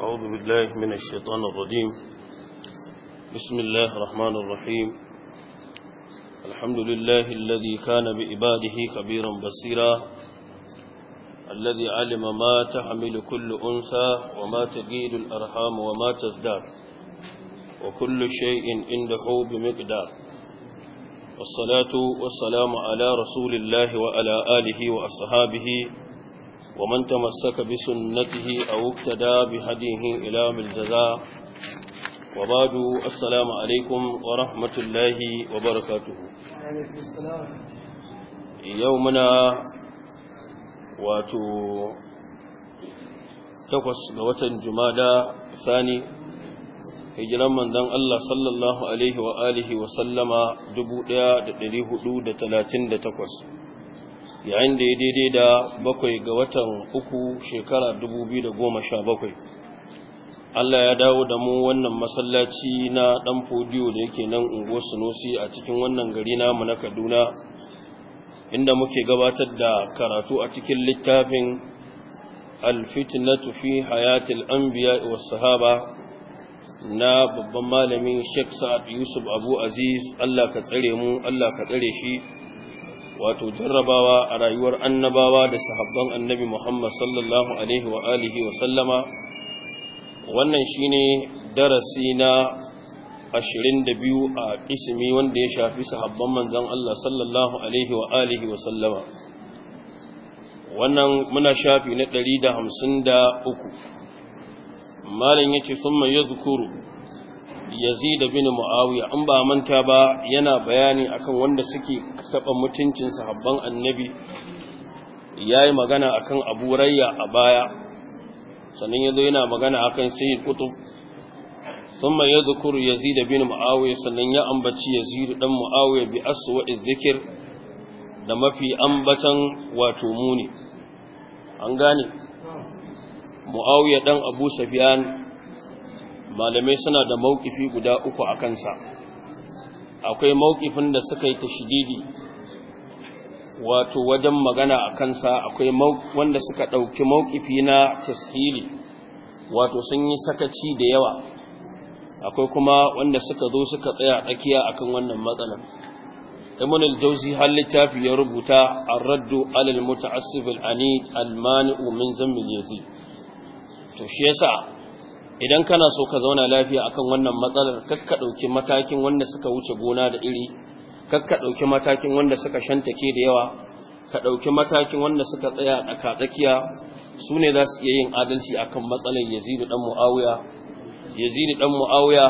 أعوذ بالله من الشيطان الرجيم بسم الله الرحمن الرحيم الحمد لله الذي كان بإباده خبيرا بصيرا الذي علم ما تحمل كل أنثى وما تجيد الأرحام وما تزداد وكل شيء عنده بمقدار والصلاة والسلام على رسول الله وعلى آله وأصحابه ومن تمسك بسنته أو اقتدى بهديه إلى بالجزاء وبعد السلام عليكم ورحمة الله وبركاته يومنا واتو تقص قوة جمادى ثاني hijiran manzon Allah sallallahu alaihi wa alihi wa sallama 1438 yayin da ya daidai da bakwai ga watan uku shekara da goma sha bakwai. Allah ya dawo da mu wannan masallaci na dan fodiyo da yake nan unguwar sunosi a cikin wannan gari namu na Kaduna inda muke gabatar da karatu a cikin littafin al fi Hayatil Anbiya wa Sahaba na babban malami Sheikh Sa'ad Yusuf Abu Aziz Allah ka tsare mu Allah ka tsare shi wato jarrabawa a rayuwar annabawa da sahabban annabi Muhammad sallallahu alaihi wa alihi wa sallama wannan shine darasi na 22 a ismi wanda ya shafi sahabban manzon Allah sallallahu alaihi wa alihi wa sallama wannan muna shafi na 153 malin yace summa yadhkuru yazid bin muawiya an ba manta ba yana bayani akan wanda suke taba mutuncin sahabban annabi yayi magana akan abu rayya a baya sannan yazo yana magana akan sayyid qutb ثم يذكر يزيد bin Muawiya sannan ya ambaci Yazid dan Muawiya bi aswa'iz zikr da mafi ambatan wato muni an gane Muawiya dan Abu Sufyan malamai suna da mawƙifi guda uku a kansa akwai mawƙifin da suka yi shididi. wato wajen magana a kansa akwai wanda suka ɗauki mawkifi na tashiri wato sun yi sakaci da yawa akwai kuma wanda suka zo suka tsaya tsakiya akan wannan matsalar ibn al har littafi ya rubuta a raddu alal mutu asibir a ni maniu umin zan to shi yasa idan kana so ka zauna lafiya akan wannan matsalar kakka ɗauki matakin wanda suka wuce gona da iri kakka ɗauki matakin wanda suka shantake da yawa ka ɗauki matakin wanda suka tsaya a tsakiya su ne za su iya yin adalci akan matsalar yazidu ɗan mu'awiya yazidu ɗan mu'awiya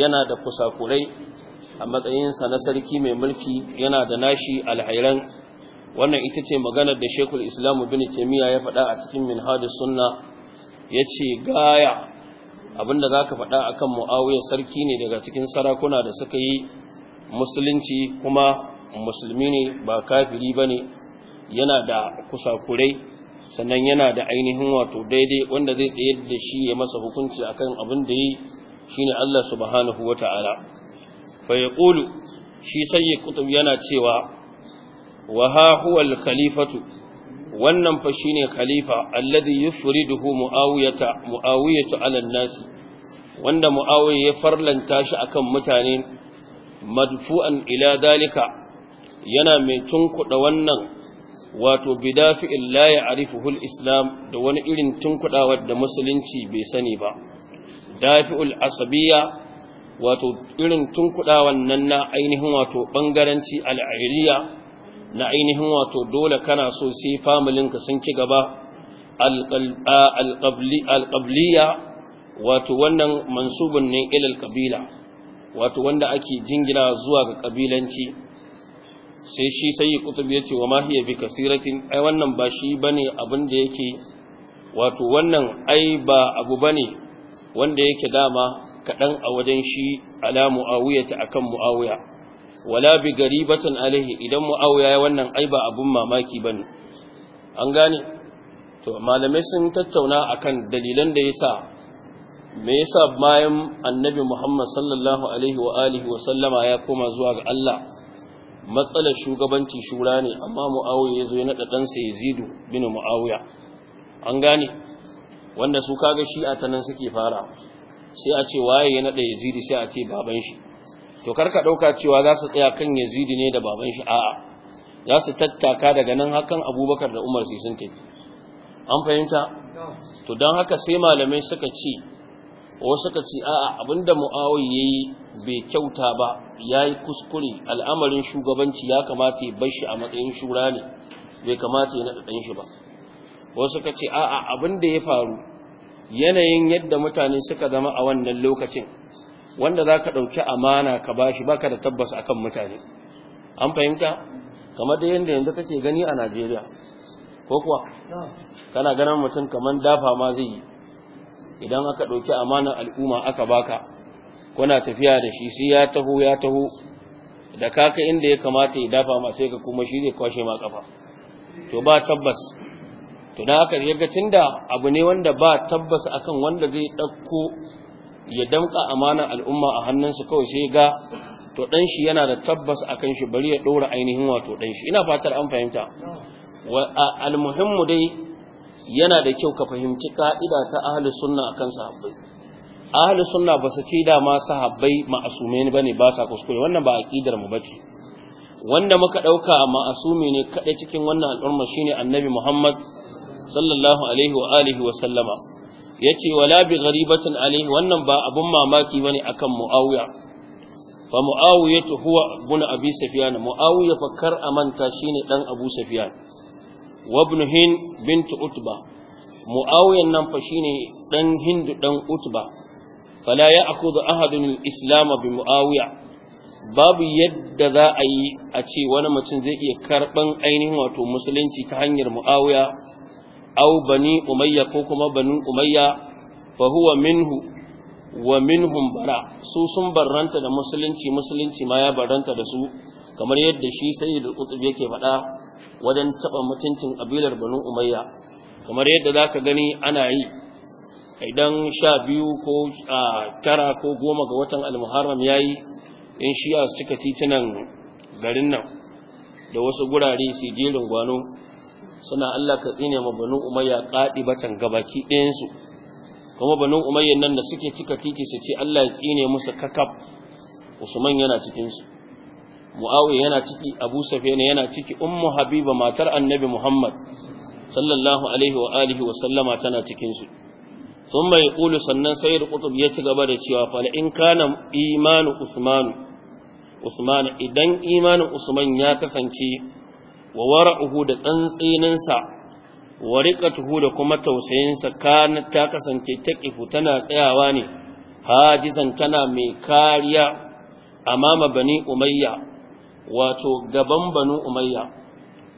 yana da kusakurai a matsayinsa na sarki mai mulki yana da nashi alhairan wannan ita ce maganar da shekul islamu bin taimiyya ya faɗa a cikin minhajus sunna ya ce gaya abinda za ka faɗa a kan mu'awiyar sarki ne daga cikin sarakuna da suka yi musulunci kuma musulmi ne ba kafiri ba ne yana da kusakurai sannan yana da ainihin wato daidai wanda zai tsaye da shi ya masa hukunci a kan abin da yi shi ne Allah subhanahu ta'ala fa yaqulu shi sayyid kutub yana cewa wa ha huwa khalifatu wannan fa shine khalifa alladhi yufriduhu muawiyata muawiyatu ala an-nas wanda muawiya ya farlanta shi akan mutane madfu'an ila dalika yana mai tunkuda wannan wato bidafi'in la ya'rifuhu al-islam da wani irin tunkudawa da musulunci bai sani ba dafi'ul asabiyya wato irin tunkudawan nan na ainihin wato bangaranci al-iriyya na ainihin wato dole kana so sai familinka sun ci gaba alƙabliya wato wannan mansubin ne ilal ƙabila wato wanda ake jingina zuwa ga ƙabilanci sai shi sai yi kutub ya ce wa mahiya bi kasiratin ai wannan ba shi ba ne abin da yake wato wannan ai ba abu ba ne wanda yake dama kaɗan a wajen shi ala mu'awiyata akan mu'awiya wala bi garibatin alaihi idan mu'awiya ya wannan ai ba abun mamaki bane an gane to malamai sun tattauna akan dalilan da yasa me yasa bayan annabi Muhammad sallallahu alaihi wa alihi wa sallama ya koma zuwa ga Allah matsalar shugabanci shura ne amma mu'awiya yazo ya nada dan sa Yazid bin mu'awiya an gane wanda su kaga shi a tanan suke fara sai a ce waye ya nada Yazid sai a ce baban shi to ka ɗauka cewa za su tsaya kan yazidi ne da baban shi a'a za su tattaka daga nan hakan abubakar da umar sai sun tafi an fahimta to don haka sai malamai suka ce wasu suka ce a'a abinda mu'awi ya yi bai kyauta ba ya yi kuskure al'amarin shugabanci ya kamata ya bar shi a matsayin shura ne bai kamata ya naɗa shi ba wasu suka ce a'a abinda ya faru yanayin yadda mutane suka zama a wannan lokacin wanda za ka ɗauki amana ka bashi baka da tabbas akan mutane an fahimta kamar da yadda yanzu kake gani a najeriya ko kuwa kana ganin mutum kamar dafa ma zai yi idan aka ɗauki amanar al'umma aka baka kuna tafiya da shi sai ya taho ya taho da kaka inda ya kamata ya dafa ma sai ka kuma shi zai kwashe ma kafa to ba tabbas to dan aka yaga tunda abu ne wanda ba tabbas akan wanda zai ɗauko ya damƙa amanar al'umma a hannunsa kawai sai ga to dan shi yana da tabbas akan shi bari ya ɗora ainihin wato dan shi ina fatar an fahimta al-muhimmu dai yana da kyau ka fahimci ka'ida ta ahlus sunna akan sahabbai ahlus sunna ba su ce dama sahabbai ma'asume ne bane ba sa kuskure wannan ba aqidar mu bace wanda muka dauka ma'asumi ne kada cikin wannan al'umma shine annabi Muhammad sallallahu alaihi wa alihi wa sallama ya ce wala bi gharibatin alaihi wannan ba abun mamaki ba ne akan mu'awiya fa mu'awiya huwa ibn abi sufyan mu'awiya fa kar a manta shi ne ɗan abu safiyan wabnu hin utba mu'awiya nan fa shi ne ɗan hindu ɗan utba fala ya akudu ahadun islam bi mu'awiya babu yadda za a yi a ce wani mutum zai iya karɓan ainihin wato musulunci ta hanyar mu'awiya aw bani umayya ko kuma bani umayya fa minhu wa minhum bara su sun barranta da musulunci musulunci ma ya barranta da su kamar yadda shi sayyid al-qutb yake faɗa wajen taɓa mutuncin kabilar bani umayya kamar yadda za ka gani ana yi idan sha biyu ko a tara ko goma ga watan almuharram ya yi in shi'a su cika titunan garin nan da wasu gurare su jerin gwano suna Allah ka tsine ma banu umayya kaɗi batan gabaki ɗayan su kuma banu umayya nan da suke cika titi su ce Allah ya tsine musu kakaf Usman yana cikin su muawi yana ciki Abu safiyana yana ciki Ummu Habiba matar Annabi Muhammad sallallahu alaihi wa alihi wa sallama tana cikin su mai يقول sannan sayyid qutb ya ci gaba da cewa fa in kana imanu usman usman idan imanin usman ya kasance wa wara'uhu da tsantsininsa wa riqatuhu da kuma tausayinsa kana ta kasance ta taqifu tana tsayawa ne hajizan tana mai kariya amama bani umayya wato gaban banu umayya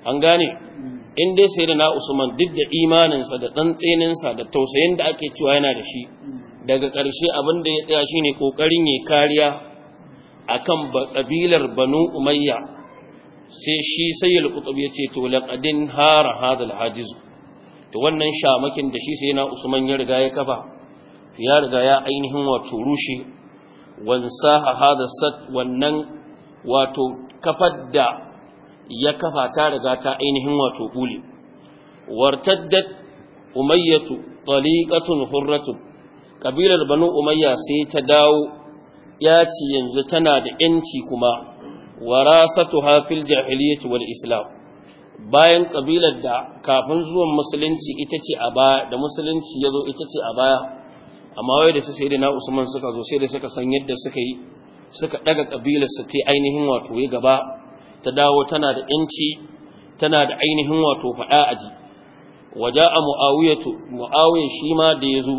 an gane mm. inda sai da na usman duk da imaninsa da tsantsininsa da tausayin da ake cewa yana da shi mm. daga ƙarshe abin da ya tsaya shine ƙoƙarin ya kariya akan ƙabilar banu umayya sai shi sayyal ya ce to laqadin hara hadal hajiz to wannan shamakin da shi sai na usman ya riga ya kafa ya riga ya ainihin wato rushe wansa hada sat wannan wato kafar da ya kafa ta riga ta ainihin wato kule wartaddat umayyatu taliqatun hurratun kabilar banu umayya sai ta dawo ya ci yanzu tana da yanci kuma warasatuha fil jahiliyyati wal islam bayan kabilar da kafin zuwan musulunci ita ce a baya da musulunci ya zo ita ce a baya amma wai da su sai da na usman suka zo sai da suka san yadda suka yi suka daga kabilar su ta ainihin wato ya gaba ta dawo tana da yanci tana da ainihin wato a aji waja a mu'awiyatu mu'awiya shi ma da ya zo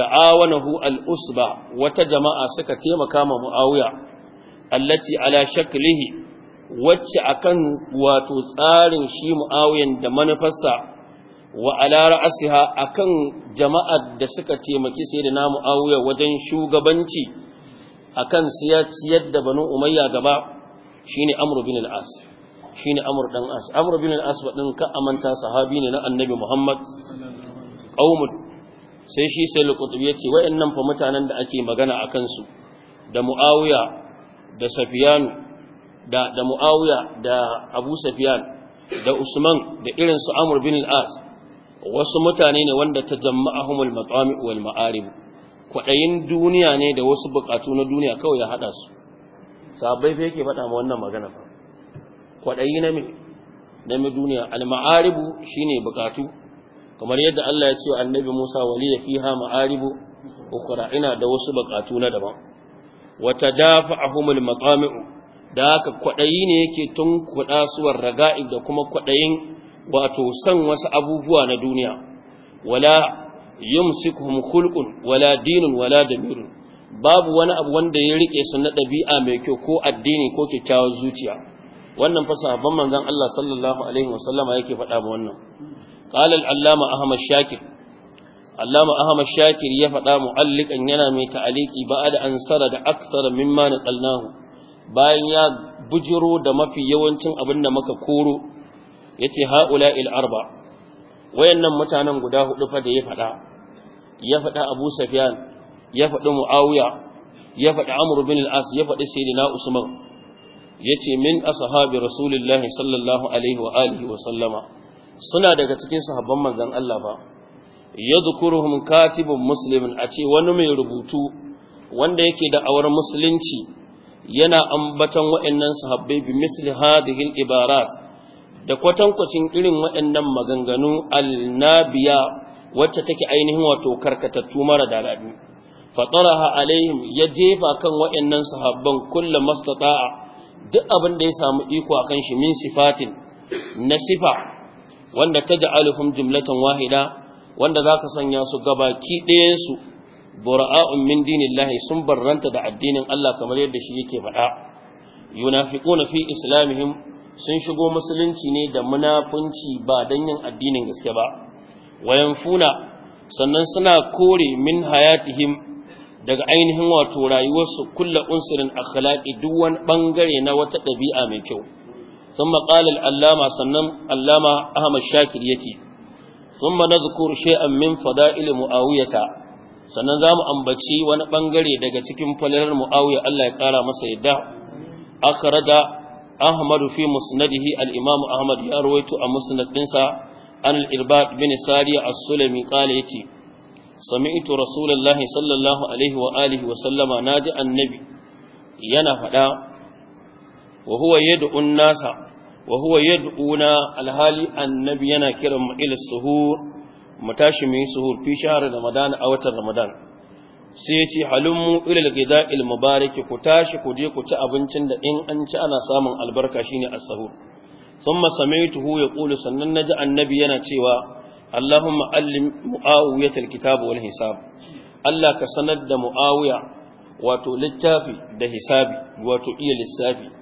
ta'awanahu al-usba wata jama'a suka taimaka ma mu'awiya allati ala shaklihi wacce akan wato tsarin shi mu'awiyan da manufarsa wa ala ra'asiha akan jama'ar da suka taimaki namu mu'awiya wajen shugabanci akan siyaciyar da banu umayya gaba shine amru bin al-as shine amru dan as amru bin al-as din ka amanta sahabi ne na annabi muhammad qaum sai shi sai al yace wayannan fa mutanen da ake magana akan su da muawiya da safiyanu da da muawiya da abu safiyan da usman da irin su amr bin al-as wasu mutane ne wanda ta tajamma'ahumul matami wal ma'arib Kwaɗayin duniya ne da wasu bukatu na duniya kawai ya haɗa su sabai fa yake faɗa ma wannan magana fa Kwaɗayi na me na duniya al ma'aribu shine bukatu kamar yadda Allah ya ce annabi Musa waliya fiha ma'aribu ukhra ina da wasu bukatu na daban wata dafa ahumul matsami'u da haka kwaɗayi ne yake tun kuɗa suwar raga'i da kuma kwaɗayin wato san wasu abubuwa na duniya wala yumsikuhum khulqun wala dinun wala damirun babu wani abu wanda ya rike su na ɗabi'a mai kyau ko addini ko kyakkyawar zuciya wannan fa sahabban manzon Allah sallallahu alaihi wasallama yake faɗa ba wannan qala al-allama ahmad shakir allama ahmad shakir ya faɗa mu'allikan yana mai ta'aliki ba da ansara da aksara mimma naqalnahu bayan ya bujiro da mafi yawancin abin da muka koro yace haula il arba wayannan mutanen guda hudu fa da ya faɗa ya faɗa abu Safiyan, ya faɗi muawiya ya faɗi amr bin al ya faɗi sayyidina usman yace min ashabi rasulillahi sallallahu alaihi wa alihi wa sallama suna daga cikin sahabban manzon Allah ba yadhkuruhum katibun muslimin a ce wani mai rubutu wanda yake da awar musulunci yana ambaton waɗannan sahabbai bi misli ibarat da kwatankwacin irin waɗannan maganganu al-nabiya wacce take ainihin wato karkatattu mara daladi fataraha alaihim ya jefa kan waɗannan sahabban kullu mastata'a duk abin da ya samu iko akan shi min sifatin na sifa wanda taj'aluhum jumlatan wahida wanda za ka sanya su gabaki ɗayansu bura'a'un min dinillahi sun barranta da addinin Allah kamar yadda shi yake faɗa yunafiquna fi islamihim sun shigo musulunci ne da munafunci ba dan yin addinin gaske ba wayanfuna sannan suna kore min hayatihim daga ainihin wato rayuwarsu kullu unsirin akhlaqi duk wani bangare na wata ɗabi'a mai kyau sun maƙalar allama sannan allama ahmad shakir yake thumma nadhkuru shay'an min fada'il muawiyata sannan zamu ambaci wani ɓangare daga cikin falalar muawiya Allah ya kara masa yadda raga Ahmadu fi musnadihi al-imam ahmad ya rawaito a musnad dinsa an al-irbad bin sariya as-sulami qala yati sami'tu rasulullahi sallallahu alaihi wa alihi wa sallama naji annabi yana faɗa, wa huwa yad'u an-nasa Wahuwa huwa yad'una alhali annabi yana kiran mu ila suhur mu tashi mu suhur fi shahr ramadan a watan ramadan sai ya ce halummu ila al-ghida'il mubarak ku tashi ku je ku ci abincin da in an ci ana samun albarka shine as-suhur tuhu ya kula sannan naji annabi yana cewa Allahumma allim mu'awiyat al-kitab wal hisab Allah ka sanar da mu'awiya wato littafi da hisabi wato iya lissafi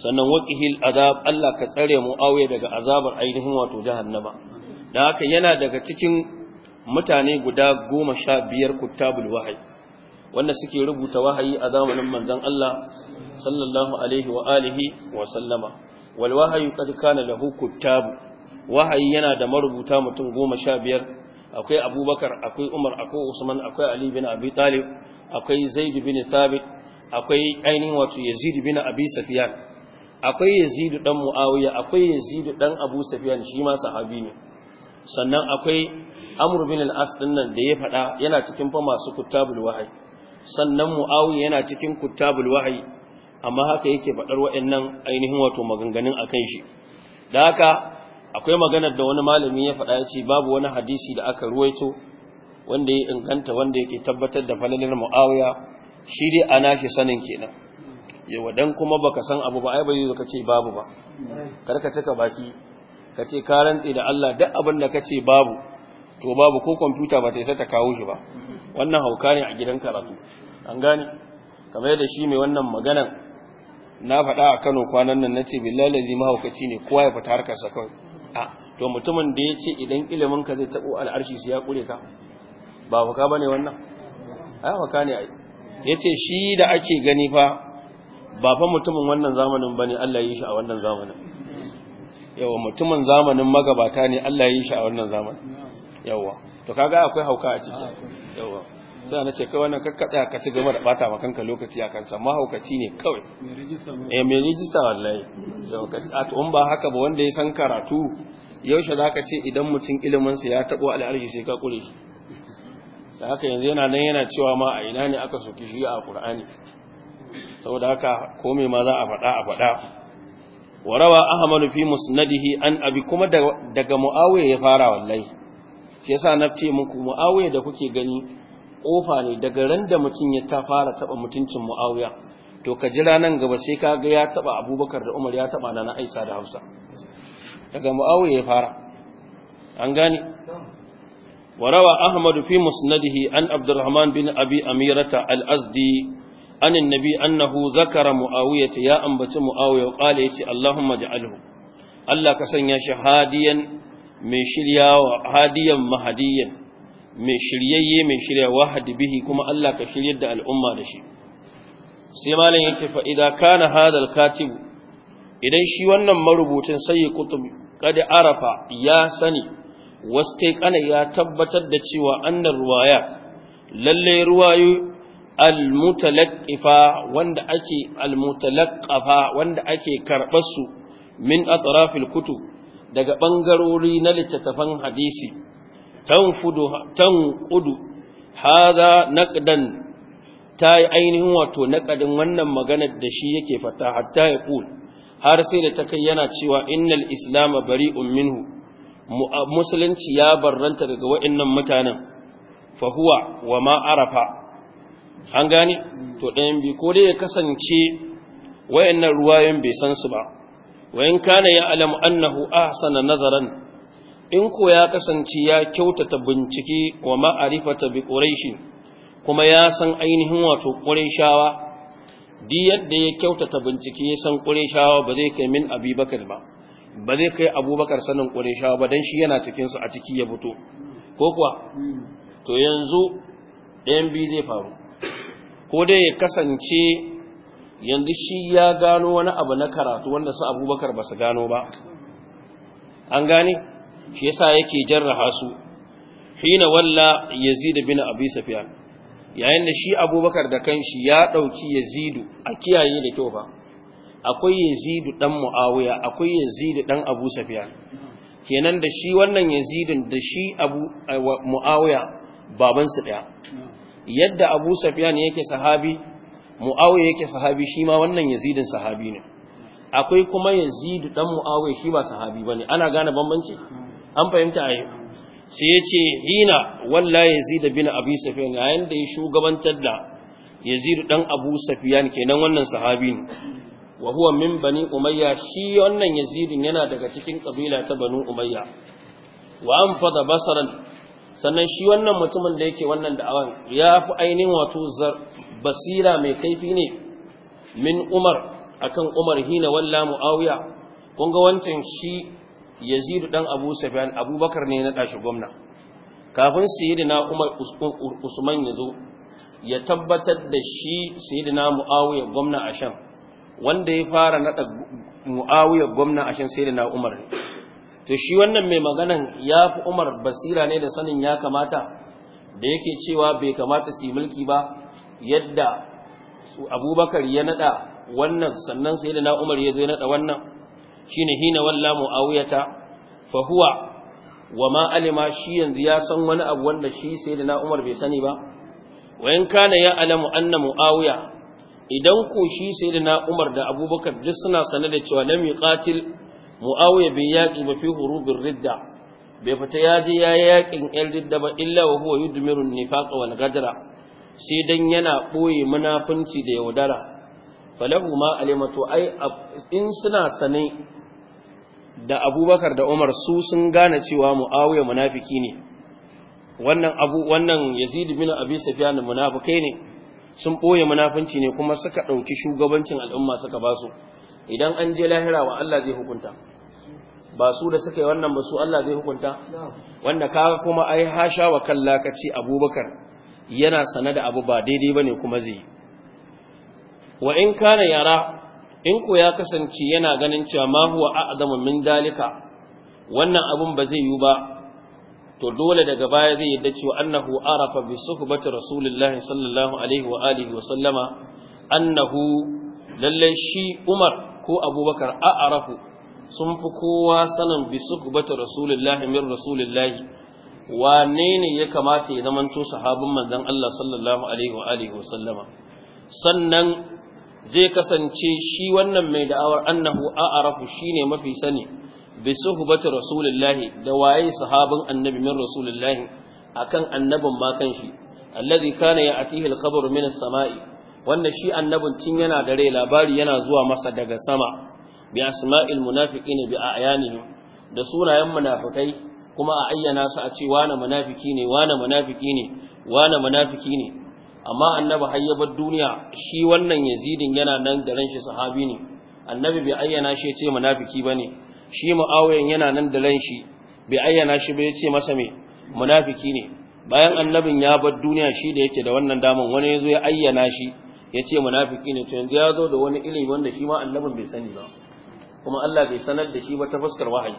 sannan waqihil azab Allah ka tsare mu muawiya daga azabar ainihin wato jahannama Da haka yana daga cikin mutane guda 15 kuttabul wahyi wanda suke rubuta wahayi a zamanin manzon Allah sallallahu alaihi wa alihi wa sallama wal wahyu qad kana lahu kuttab wahayi yana da marubuta mutum 15 akwai abubakar akwai umar akwai usman akwai ali bin abi talib akwai zaid bin thabit akwai ainihin wato yazid bin abi safiyan akwai yazidu dan muawiya akwai yazidu dan abu safiyan shi ma sahabi ne sannan akwai amr bin al-as din nan da ya fada yana cikin fa masu kutabul wahyi sannan muawiya yana cikin kutabul wahyi amma haka yake faɗar wa'annan ainihin wato maganganun akan shi da haka akwai maganar da wani malami ya fada ya ce babu wani hadisi da aka ruwaito wanda ya inganta wanda yake tabbatar da falalin muawiya shi dai ana shi sanin kenan yawa dan kuma baka san abu ba ai bai zo kace babu ba kar ka cika baki kace ka rantsi da Allah duk abin da kace babu to babu ko kwamfuta ba ta isa ta kawo shi ba wannan hauka ne a gidan karatu an gane kamar yadda shi mai wannan maganan na faɗa a Kano kwanan nan nace billahi lazi mahaukaci ne kowa ya fita harkar sa kawai a to mutumin da ya ce idan ilimin ka zai tabo al'arshi sai ya kure ka ba ba bane wannan ai hauka shi da ake gani fa ba fa mutumin wannan zamanin bane Allah ya yi shi a wannan zamanin yawa mutumin zamanin magabata ne Allah ya yi shi a wannan zamanin yawa to kaga akwai hauka a ciki yawa sai na ce kai wannan kakkada ka ci gaba da bata maka kanka lokaci a kansa ma haukaci ne kawai eh me register wallahi a to ba haka ba wanda ya san karatu yaushe zaka ce idan mutum ilimin sa ya tabo al'arshi sai ka kure shi da haka yanzu yana nan yana cewa ma a ina ne aka soki shi a Qur'ani saboda haka komai ma za a faɗa a faɗa warawa ahmadu fi musnadihi an abi kuma daga muawiya ya fara wallahi shi yasa na ce muku muawiya da kuke gani kofa ne daga ran da mutum ya ta fara taba mutuncin muawiya to ka jira nan gaba sai ka ga ya taba abubakar da umar ya taba na aisha da hausa daga muawiya ya fara an gane وروى أحمد في مسنده عن عبد الرحمن بن أبي أميرة الأزدي عن النبي أنه ذكر معاوية يا أنبت معاوية وقال يتي اللهم اجعله الله كسن يشي هاديا من شريا هاديا مهديا من شريي من شريا واحد به كما الله كشريد الأمة دشي سيمالا يتي فإذا كان هذا الكاتب إذن شي ونن مربوط سي قطب قد عرف يا سني واستيقن يا تبتد تشي وأن الروايات للي روايه almutalaqqifa wanda ake wanda ake karɓar su min atrafil kutub daga bangarori na littattafan hadisi tanfudu tanqudu hadha naqdan ta yi ainihin wato naƙadin wannan maganar da shi yake fata hatta ya ƙul har sai da ta kai yana cewa innal islam bari'un minhu musulunci ya barranta daga wa'annan mutanen fahuwa wa ma arafa an gane to ɗayan bi ko dai ya kasance wayannan ruwayen bai san su ba wayan kana ya alamu annahu ahsana nazaran in ko ya kasance ya kyautata bincike wa ma'arifata bi quraishi kuma ya san ainihin wato qurayshawa di yadda ya kyautata bincike ya san qurayshawa ba zai kai min abubakar ba ba zai kai abubakar sanin qurayshawa ba dan shi yana cikin su a ciki ya fito ko kuwa hmm. to yanzu ɗayan bi zai faru ko dai ya kasance yanzu shi ya gano wani abu na karatu wanda su abubakar ba su gano ba an gane shi yasa yake jarraha su hina walla yazid bin abi yayin da shi abubakar da kanshi ya dauki yazidu a kiyaye da kyau ba, akwai yazidu dan muawiya akwai yazidu dan abu sufyan kenan da shi wannan yazidin da shi abu eh, muawiya baban su daya yadda abu safiyan yake sahabi mu'awiya yake sahabi shi ma wannan yazidin sahabi ne akwai kuma yazidu dan mu'awiya shi ba sahabi bane ana gane bambanci an fahimta ayi sai yace hina walla yazid bin abi safiyan yayin da ya shugabantar da yazidu dan abu safiyan kenan wannan sahabi ne wa huwa min bani umayya shi wannan yazidin yana daga cikin kabila ta banu umayya wa anfada basaran sannan shi wannan mutumin da yake wannan da'awan ya fi ainihin wato basira mai kaifi ne min umar akan umar hina walla mu'awiya kun ga wancan shi yazidu dan abu sufyan abubakar ne na dashi gwamna kafin sayyidina umar usman ya zo ya tabbatar da shi sayyidina mu'awiya gwamna a wanda ya fara nada mu'awiya gwamna a sham sayyidina umar ne to shi wannan mai maganan ya fi umar basira ne da sanin ya kamata da yake cewa bai kamata su yi mulki ba yadda abubakar ya nada wannan sannan sai da na umar ya zo ya nada wannan Shi ne hina walla muawiyata fa huwa wa ma shi yanzu ya san wani abu wanda shi sai da na umar bai sani ba wayan kana ya alamu anna muawiya idan ko shi sai da na umar da abubakar duk suna sane da cewa lam yuqatil muawiya bai yaki ba fi hurubin ridda bai fita ya je ya yakin yan ridda ba illa wa huwa yudmiru nifaqa wal gadra sai dan yana boye munafunci da yaudara falahu ma alimatu ai in suna sane da abubakar da umar su sun gane cewa mu'awiya munafiki ne wannan abu wannan yazid bin abi sufyan munafikai ne sun boye munafunci ne kuma suka ɗauki shugabancin al'umma suka basu idan an je lahira wa Allah zai hukunta ba su da suka yi wannan ba su Allah zai hukunta wanda kaga kuma ai hasha wa kan lakaci Abubakar yana sana da abu ba daidai ba ne kuma zai wa in kana yara in ko ya kasance yana ganin cewa ma huwa a'zamu min dalika wannan abun ba zai yi ba to dole daga baya zai yadda cewa annahu arafa bi suhbati rasulillahi sallallahu alaihi wa alihi wa sallama annahu lalle shi Umar ko abubakar a arafu sun fi kowa sanin bisu bata rasulullahi min rasulullahi wane ne ya kamata ya zamanto sahabin manzon Allah sallallahu alaihi wa alihi wa sallama sannan zai kasance shi wannan mai da'awar annahu a arafu shine mafi sani bisu bata rasulullahi da waye sahabin annabi min rasulullahi akan annabin ma kanshi alladhi kana ya'tihi al-khabaru min as-sama'i wanda shi annabin tun yana da rai labari yana zuwa masa daga sama bi asma'il munafiqin bi a'yanihim da sunayen munafikai kuma a ayyana su a ce wane munafiki ne wane munafiki ne wane munafiki ne amma annabi hayyabar duniya shi wannan yazidin yana nan da ran shi sahabi ne annabi bai ayyana shi ya ce munafiki bane shi mu'awiyan yana nan da ran shi bai ayyana shi ba ya ce masa me munafiki ne bayan annabin ya bar duniya shi da yake da wannan daman wani ya zo ya ayyana shi ya ce munafiki ne yanzu ya zo da wani ilimi wanda shi ma annabin bai sani ba kuma Allah bai sanar da shi ba ta fuskar wahayi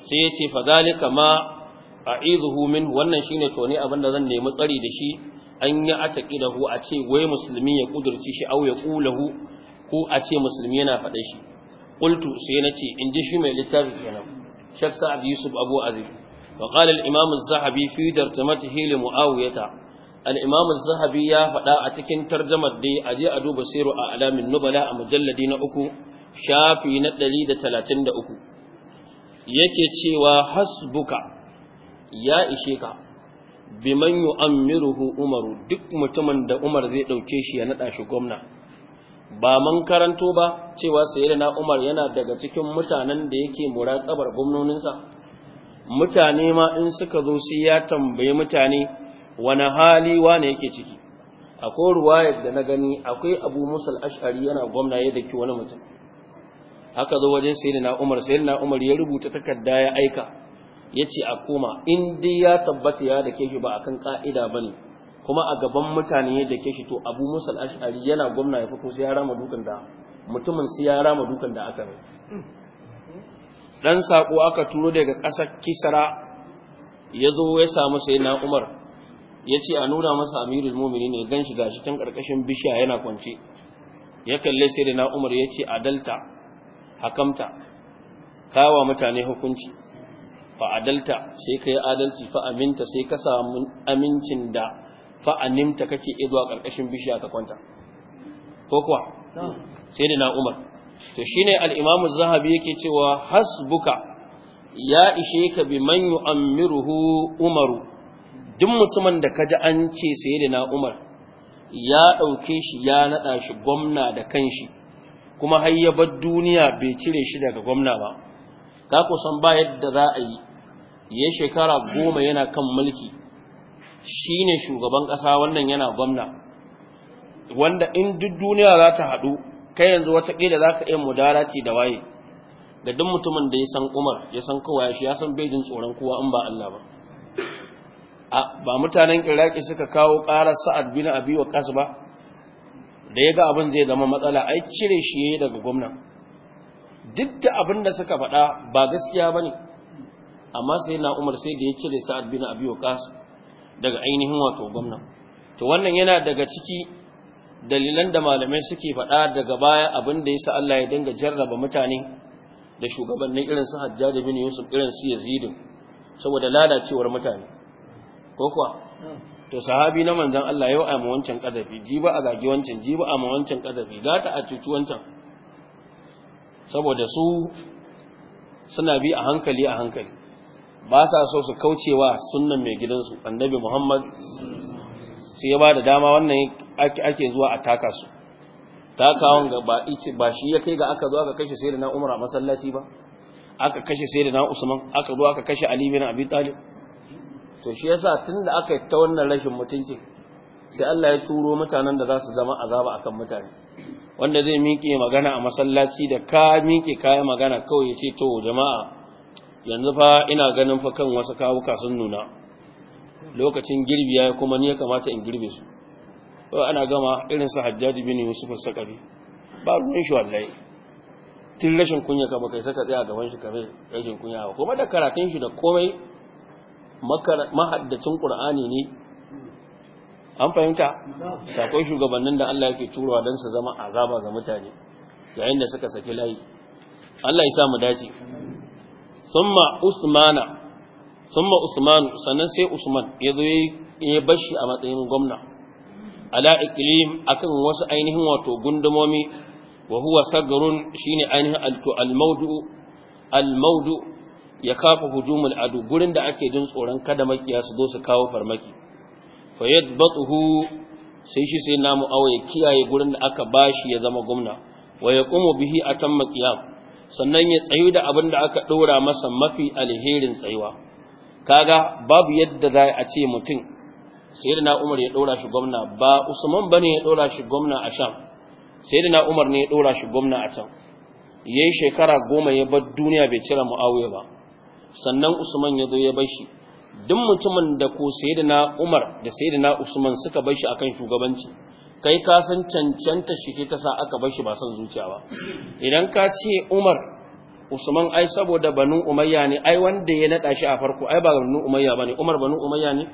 sai ya ce fa zalika ma a'izuhu min wannan shine to ne abin da zan nemi tsari da shi an yi ataqidahu a ce wai musulmi ya kudurci shi au ya qulahu ko a ce musulmi yana faɗa shi qultu sai na ce in ji shi mai littafi kenan shek sa'ad yusuf abu azib wa qala al imam az-zahabi al-imam zahabi ya faɗa a cikin tarjumar dai aje a duba siru a alamin nubala a mujalladi na uku shafi na 133 yake cewa hasbuka ya ishe ka biman yu'ammiruhu umaru duk mutumin da umar zai dauke shi ya nada shi gwamna ba man karanto ba cewa sayyidina umar yana daga cikin mutanen da yake muraqabar gwamnoninsa mutane ma in suka zo sai ya tambaye mutane wani hali wane yake ciki A koruwa da na gani akwai abu musul ash'ari yana gwamna ya daki wani mutum aka zo wajen sayyidina umar sayyidina umar ya rubuta takarda ya aika ya ce a koma in dai ya tabbata ya da keshi, ba akan ka'ida ba ne kuma a gaban mutane ya keshi to abu musul ash'ari yana gwamna ya fito sai ya rama dukan da mutumin sai ya rama dukan da aka mai dan sako aka turo daga ƙasar Kisara ya zo ya samu sai umar ya ce a nuna masa amirul mumini ne gan shi shi can ƙarƙashin bishiya yana kwance ya kalle sai da na umar ya ce adalta hakamta kawa mutane hukunci fa adalta sai ka yi adalci fa aminta sai ka samu amincin da fa animta kake a ƙarƙashin bishiya ka kwanta ko kuwa sai da na umar to shine al-imamu zahabi yake cewa hasbuka ya ishe ka bi man yu'ammiruhu umaru duk mutumin da ka ji an ce na Umar ya ɗauke shi ya naɗa shi gwamna da kanshi kuma har duniya bai cire shi daga gwamna ba ka kusan ba yadda za a yi ya shekara goma yana kan mulki shi ne shugaban ƙasa, wannan yana gwamna wanda in duk duniya za ta haɗu, kai yanzu wata kila za ka iya mudarati da waye ga duk mutumin da ya san Umar ya san kowa shi ya san bai tsoron kowa in ba Allah ba ba mutanen iraki suka kawo ƙara sa'ad bin abi wa kasu ba da ya ga abin zai zama matsala ai cire shi yayi daga gwamnan duk da abin da suka faɗa ba gaskiya ba ne amma sai na umar sai da ya cire sa'ad bin abi wa kasu daga ainihin wato gwamnan to wannan yana daga ciki dalilan da malamai suke faɗa daga baya abin da sa Allah ya dinga jarraba mutane da shugabannin irin su Hajjaj bin Yusuf irin su Yazid saboda lalacewar mutane ko kuwa to sahabi na manzan Allah yau a ma wancan kadafi ji ba a zagi wancan ji ba a ma wancan kadafi ta a cuci wancan saboda su suna bi a hankali a hankali ba sa so su kauce wa sunnan mai gidansu annabi Muhammad sai ya ba da dama wannan ake zuwa a taka su takawan ga ba ba shi ya kai ga aka zo aka kashe sai da na umar a masallaci ba aka kashe sai da na usman aka zo aka kashe ali bin abi talib to shi yasa da aka yi ta wannan rashin mutunci sai Allah ya turo mutanen da za su zama azaba akan mutane wanda zai miƙe magana a masallaci da ka miƙe kayan magana kawai ya ce to jama'a yanzu fa ina ganin fa kan wasu kawuka sun nuna lokacin girbi ya kuma ni ya kamata in girbe su to ana gama irin su Hajjaji bin Yusuf Sakari ba ruwan shi wallahi tun rashin kunya ka baka saka tsaya gaban shi kare rashin kunya ba kuma da karatun shi da komai mahaddacin ƙur'ani ne an fahimta sakon shugabannin da Allah yake turowa don su zama azaba ga mutane yayin da suka saki layi Allah ya sa mu dace summa usmana summa usman sannan sai usman ya zo ya bashi a matsayin gwamna ala iqlim akan wasu ainihin wato gundumomi wa huwa sagrun shine ainihin al-mawdu al-mawdu ya kafa hujumul adu gurin da ake jin tsoron kada makiya su zo su kawo farmaki fa yadbathu sai shi sai namu awa ya kiyaye gurin da aka bashi ya zama gwamna wa ya kuma bihi a kan sannan ya tsayu da abin da aka ɗora masa mafi alherin tsayuwa kaga babu yadda za a ce mutum sai da na umar ya ɗora shi gwamna ba usman ba ya ɗora shi gwamna a sham sai na umar ne ya ɗora shi gwamna a can yayi shekara goma ya bar duniya bai cire mu'awiya ba sannan usman ya zo ya bar shi duk mutumin da ko sayyidina umar da sayyidina usman suka bar shi akan shugabanci kai ka san cancanta shi ta sa aka bar shi ba san zuciya ba idan ka ce umar usman ai saboda banu umayya ne ai wanda ya nada shi a farko ai ba banu umayya bane umar banu umayya ne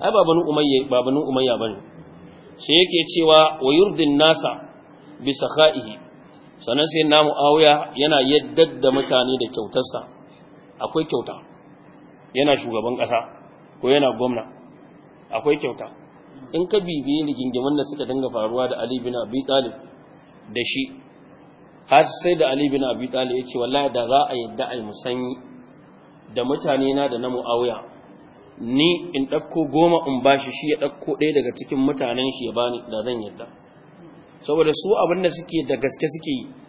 ai ba banu umayya ba banu umayya bane sai yake cewa wayurdin nasa bi sakha'ihi sanan sai namu awiya yana yaddada da mutane da kyautarsa akwai kyauta yana shugaban ƙasa ko yana gwamna akwai kyauta in ka bibiyi rigingimin da suka dinga faruwa da Ali bin Abi Talib da shi har sai da Ali bin Abi Talib ce wallahi da za a yadda ai musanyi da mutane na da na Muawiya ni in ɗakko goma in bashi shi ya ɗakko ɗaya daga cikin mutanen shi ya bani da zan yadda saboda su abin da suke da gaske suke yi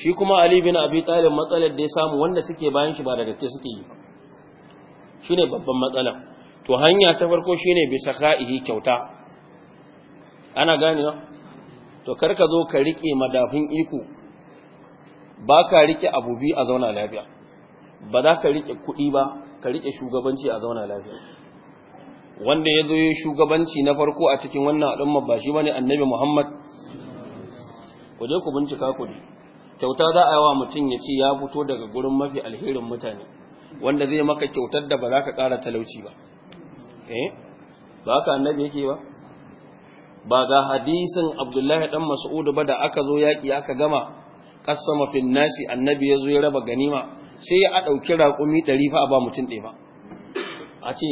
shi kuma ali bin abi talib matsalar da ya samu wanda suke bayan shi ba da gaske suke yi shine babban matsala to hanya ta farko shine bi sakaihi kyauta ana gane to kar ka zo ka rike madafin iko ba ka rike abu bi a zauna lafiya ba za ka rike kuɗi ba ka rike shugabanci a zauna lafiya wanda ya zo yi shugabanci na farko a cikin wannan al'umma ba shi bane annabi Muhammad ku je ku bincika ku kyauta za a yawa mutum ya ce ya fito daga gurin mafi alherin mutane wanda zai maka kyautar da ba za ka ƙara talauci ba eh? ba ka annabi yake ba ba ga hadisin abdullahi dan mas'ud ba da aka zo yaƙi aka gama kasama fil nasi annabi ya zo ya raba ganima sai a ɗauki raƙumi ɗari fa ba mutum ɗaya ba a ce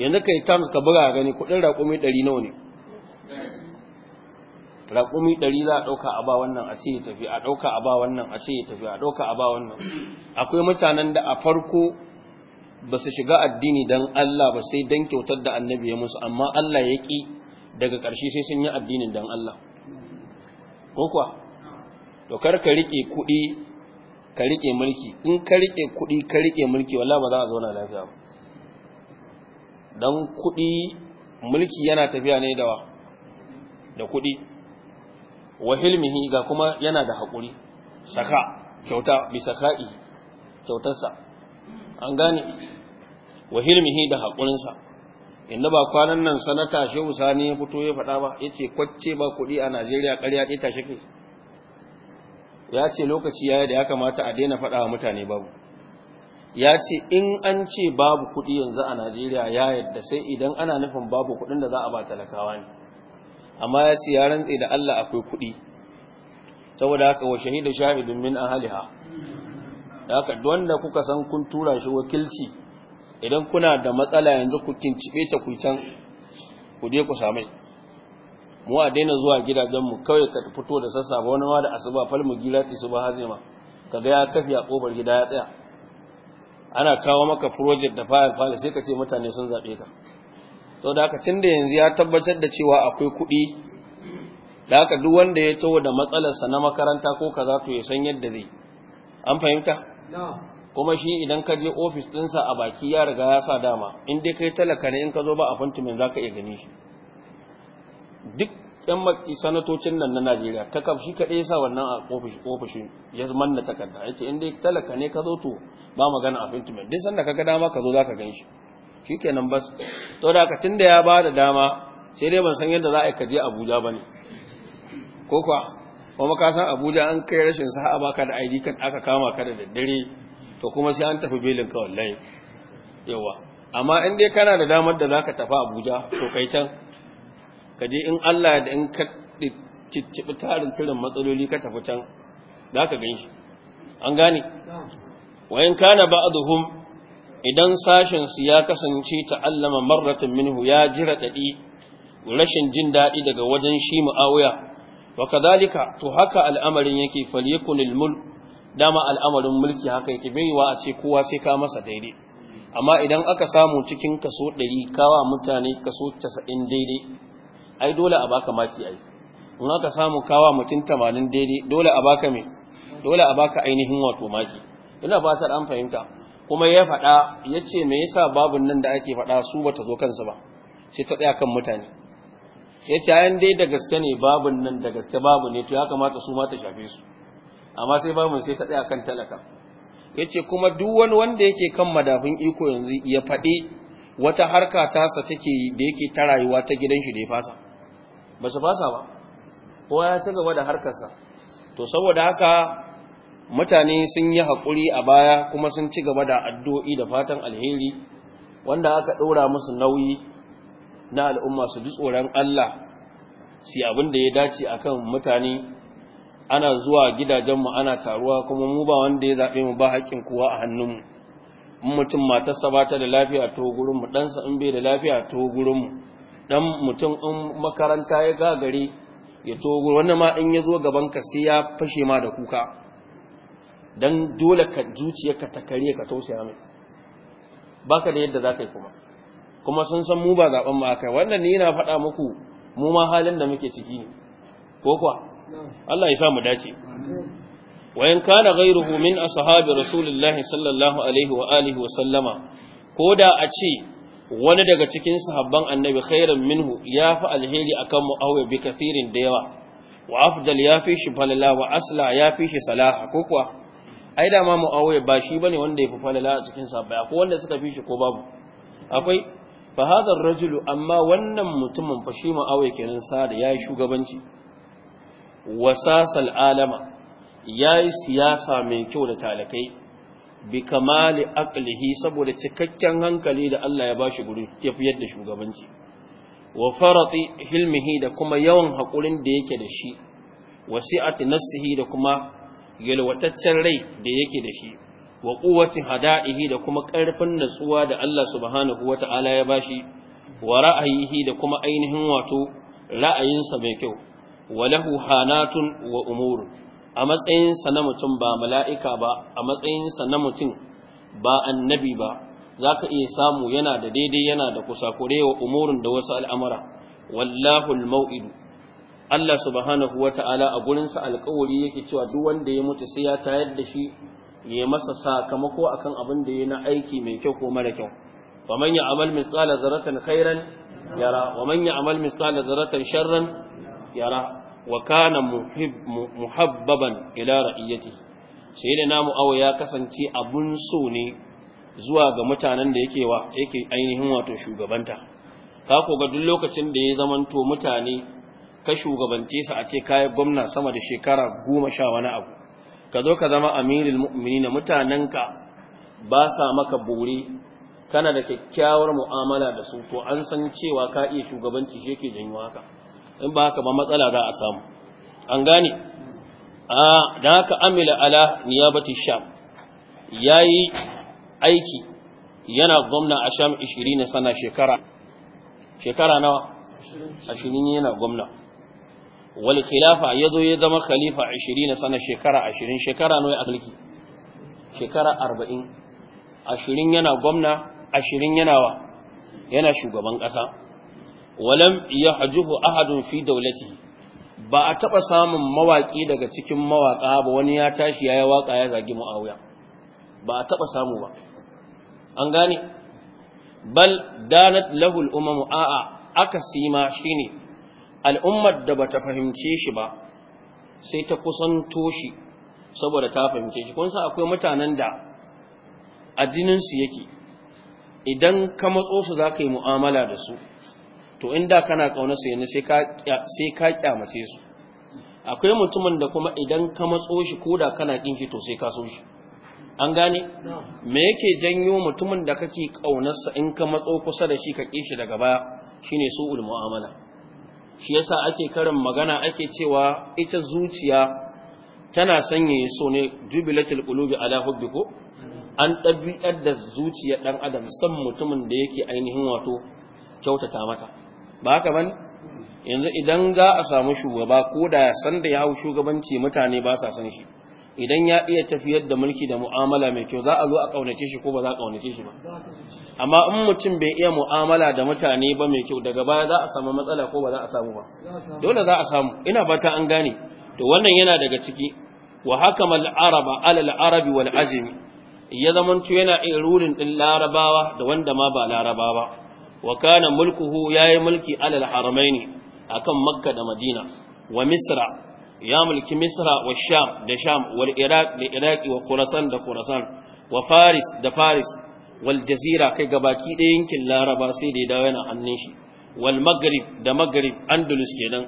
yanzu kai tams ka buga gani kuɗin raƙumi ɗari nawa ne raƙumi ɗari za a ɗauka a ba wannan a ce ya tafi a ɗauka a ba wannan a ce ya tafi a ɗauka a ba wannan akwai mutanen da a farko ba su shiga addini don Allah ba sai don kyautar da annabi ya musu amma Allah ya ƙi daga ƙarshe sai sun yi addini don Allah ko kuwa to kar ka riƙe kuɗi ka riƙe mulki in ka riƙe kuɗi ka riƙe mulki walla ba za a zauna lafiya ba don kuɗi mulki yana tafiya ne da da kuɗi wa hilmihi ga kuma yana da haƙuri saka kyauta bi saka'i kyautarsa an gane wa hilmihi da haƙurinsa inda ba kwanan nan sanata shehu sani ya fito ya faɗa ba ya ce kwacce ba kuɗi a najeriya ƙarya ɗaya tashi kai ya ce lokaci ya da ya kamata a daina faɗa wa mutane babu ya ce in an ce babu kuɗi yanzu a najeriya ya yadda sai idan ana nufin babu kuɗin da za a ba talakawa ne amma ya ce ya rantse da Allah akwai kuɗi saboda haka wa shahidu shahidun min ahliha haka wanda kuka san kun tura shi wakilci idan kuna da matsala yanzu ku kincibe ta ku can ku je ku same mu a daina zuwa gidajen mu kawai ka fito da sassafe wani ma da asuba falmu gilati ba hazima ga ya kafi a kofar gida ya tsaya ana kawo maka project da file file sai ka ce mutane sun zabe ka sau da haka tunda yanzu ya tabbatar da cewa akwai kuɗi da haka duk wanda ya taho da matsalarsa na makaranta ko kaza to ya san yadda zai an fahimta kuma shi idan ka je ofis ɗinsa a baki ya riga ya sa dama in dai kai talaka ne in ka zo ba appointment za ka iya gani shi duk yan sanatocin nan na Najeriya ta kaf shi kaɗai sa wannan a ofishin ya manna takarda ya ce in dai talaka ne ka zo to ba magana appointment duk sanda ka ga dama ka zo za ka gan shi kenan bas to da kacin da ya ba da dama sai dai ban san yadda za a kaje Abuja bane ko kuwa kuma ka san Abuja an kai rashin sa'a baka da ID card aka kama ka da daddare to kuma sai an tafi belin ka wallahi yawa amma in dai kana da damar da zaka tafi Abuja to kai can kaje in Allah da in ka ciccibi tarin tirin matsaloli ka tafi can zaka ganshi an gane wayan kana ba'dhum idan sashensu ya kasance ta'allama marratin minhu ya ji raɗaɗi rashin jin daɗi daga wajen shi mu'awiya wa kadhalika to haka al'amarin yake falyakunil mul dama al'amarin mulki haka yake baiwa a ce kowa sai ka masa daidai amma idan aka samu cikin kaso 100 kawa mutane kaso 90 daidai ai dole a baka maki ai in aka samu kawa mutum 80 daidai dole a baka me dole a baka ainihin wato maki ina ta dan fahimta kuma ya faɗa ya ce me yasa babin nan da ake faɗa su ba ta zo kansu ba sai ta tsaya kan mutane ya ce ayan dai da gaske ne babin nan da gaske babu ne to ya kamata su ma ta shafe su amma sai babin sai ta tsaya kan talaka ya ce kuma duk wani wanda yake kan madafin iko yanzu ya faɗi wata harka tasa take da yake ta rayuwa ta gidan shi da ya fasa ba su fasa ba kowa ya ci gaba da harkarsa to saboda haka mutane sun yi haƙuri a baya kuma sun ci gaba da addu'o'i da fatan alheri wanda aka ɗora musu nauyi na al'umma su ji tsoron Allah si abin da ya dace a kan mutane ana zuwa gidajenmu ana taruwa kuma mu ba wanda ya zaɓe mu ba haƙƙin kuwa a hannunmu in mutum matarsa ba ta da lafiya to gurinmu ɗansa in bai da lafiya to gurinmu ɗan mutum in makaranta ya gagare ya to gurin wani ma in ya zo gaban ka sai ya fashe ma da kuka Dan dole ka zuciyarka ta kare ka tausaya mai baka da yadda za ka yi kuma kuma sun san mu ba zaben ma kai, wannan ne yana faɗa muku mu ma halin da muke ciki ne ko kuwa Allah ya sa mu dace wayan kana ghayruhu min ashabi rasulillahi sallallahu alaihi wa alihi wa sallama ko da a ce wani daga cikin sahabban annabi khairan minhu ya fi alheri akan mu'awiya bi kasirin da yawa wa afdal ya fi shi falala wa asla ya fi shi salaha ko kuwa ai da ma muawiya ba shi bane wanda ya fi falala a cikin sahabbai akwai wanda suka fi shi ko babu akwai fa hadha ar-rajulu amma wannan mutumin fa shi muawiya kenan sa da yayi shugabanci wasasal alama yayi siyasa mai kyau da talakai bi kamali aqlihi saboda cikakken hankali da Allah ya bashi guri ya fi yadda shugabanci wa farati hilmihi da kuma yawan hakurin da yake da shi wasi'ati nafsihi da kuma yalwataccen rai da yake da shi wa quwwati hada'ihi da kuma ƙarfin natsuwa da Allah subhanahu wata'ala ya bashi wa ra'ayihi da kuma ainihin wato ra'ayinsa mai kyau wa lahu hanatun wa umur a matsayinsa na mutum ba mala'ika ba a matsayinsa na mutum ba annabi ba zaka iya samu yana da daidai yana da kusa kurewa umurin da wasu al'amara wallahul mau'idu Allah subhanahu wa ta'ala a gurinsa alkawari yake cewa duk wanda ya mutu sai ya tayar da shi ya masa sakamako akan abin da ya na aiki mai kyau ko mara kyau wa man ya'mal misqala zaratan khairan yara wa man ya'mal misqala zaratan sharran yara wa kana muhabbaban ila ra'iyatihi sai da namu awa ya kasance abun so ne zuwa ga mutanen da yake wa yake ainihin wato shugabanta ka koga duk lokacin da ya zamanto mutane ka shugabance su a ce kayan gwamna sama da shekara goma sha wani abu ka zo ka zama amirin mu'mini na mutanenka ba sa maka bore kana da kyakkyawar mu'amala da su to an san cewa ka iya shugabanci shi yake janyo haka in ba haka ba matsala za a samu an gane a da haka amila ala niyabati sham yayi aiki yana gwamna a sham 20 sana shekara shekara nawa ashirin yana gwamna wal khilafa ya zo ya zama khalifa 20 sana shekara 20 shekara nawa a mulki shekara 40 20 yana gwamna 20 yana wa yana shugaban kasa walam yahjuhu ahadun fi dawlatihi ba a taba samun mawaki daga cikin mawaka ba wani ya tashi yayi waka ya zagi muawiya ba a taba samu ba an gane bal danat lahu al-umam a'a aka sima shine al'ummar da bata fahimce shi ba sai ta kusanto shi saboda ta fahimce shi kun akwai mutanen da a jininsu yake idan ka matso su za ka yi mu'amala da su to inda kana kauna su yana sai ka kyamace su akwai mutumin da kuma idan ka matso shi ko da kana kin shi to sai ka so shi an gane me yake janyo mutumin da kake kaunarsa in ka matso kusa da shi ka ƙi shi daga baya shine su'ul mu'amala shi yasa ake karin magana ake cewa ita zuciya tana sanya so ne jubilatul qulubi ala hubbiku an ɗabi'ar da zuciya ɗan adam san mutumin da yake ainihin wato kyautata mata ba haka bane yanzu idan za a samu shugaba ko da san da ya hau shugabanci mutane ba sa san shi idan ya iya tafiyar da mulki da mu'amala mai kyau za a zo a kaunace shi ko ba za a kaunace shi ba amma in mutum bai iya mu'amala da mutane ba mai kyau daga baya za a samu matsala ko ba za a samu ba dole za a samu ina fata an gane to wannan yana daga ciki wa haka al-araba ala arabi wal azim ya zamanto yana iya rurin din larabawa da wanda ma ba larabawa wa kana mulkuhu yayi mulki ala al-haramaini akan makka da madina wa misra ya mulki misra wa sham da sham wal iraq da iraki wa khurasan da khurasan wa faris da faris wal jazira kai gabaki ɗaya yankin laraba sai da ya dawo yana hannun shi wal maghrib da maghrib andalus kenan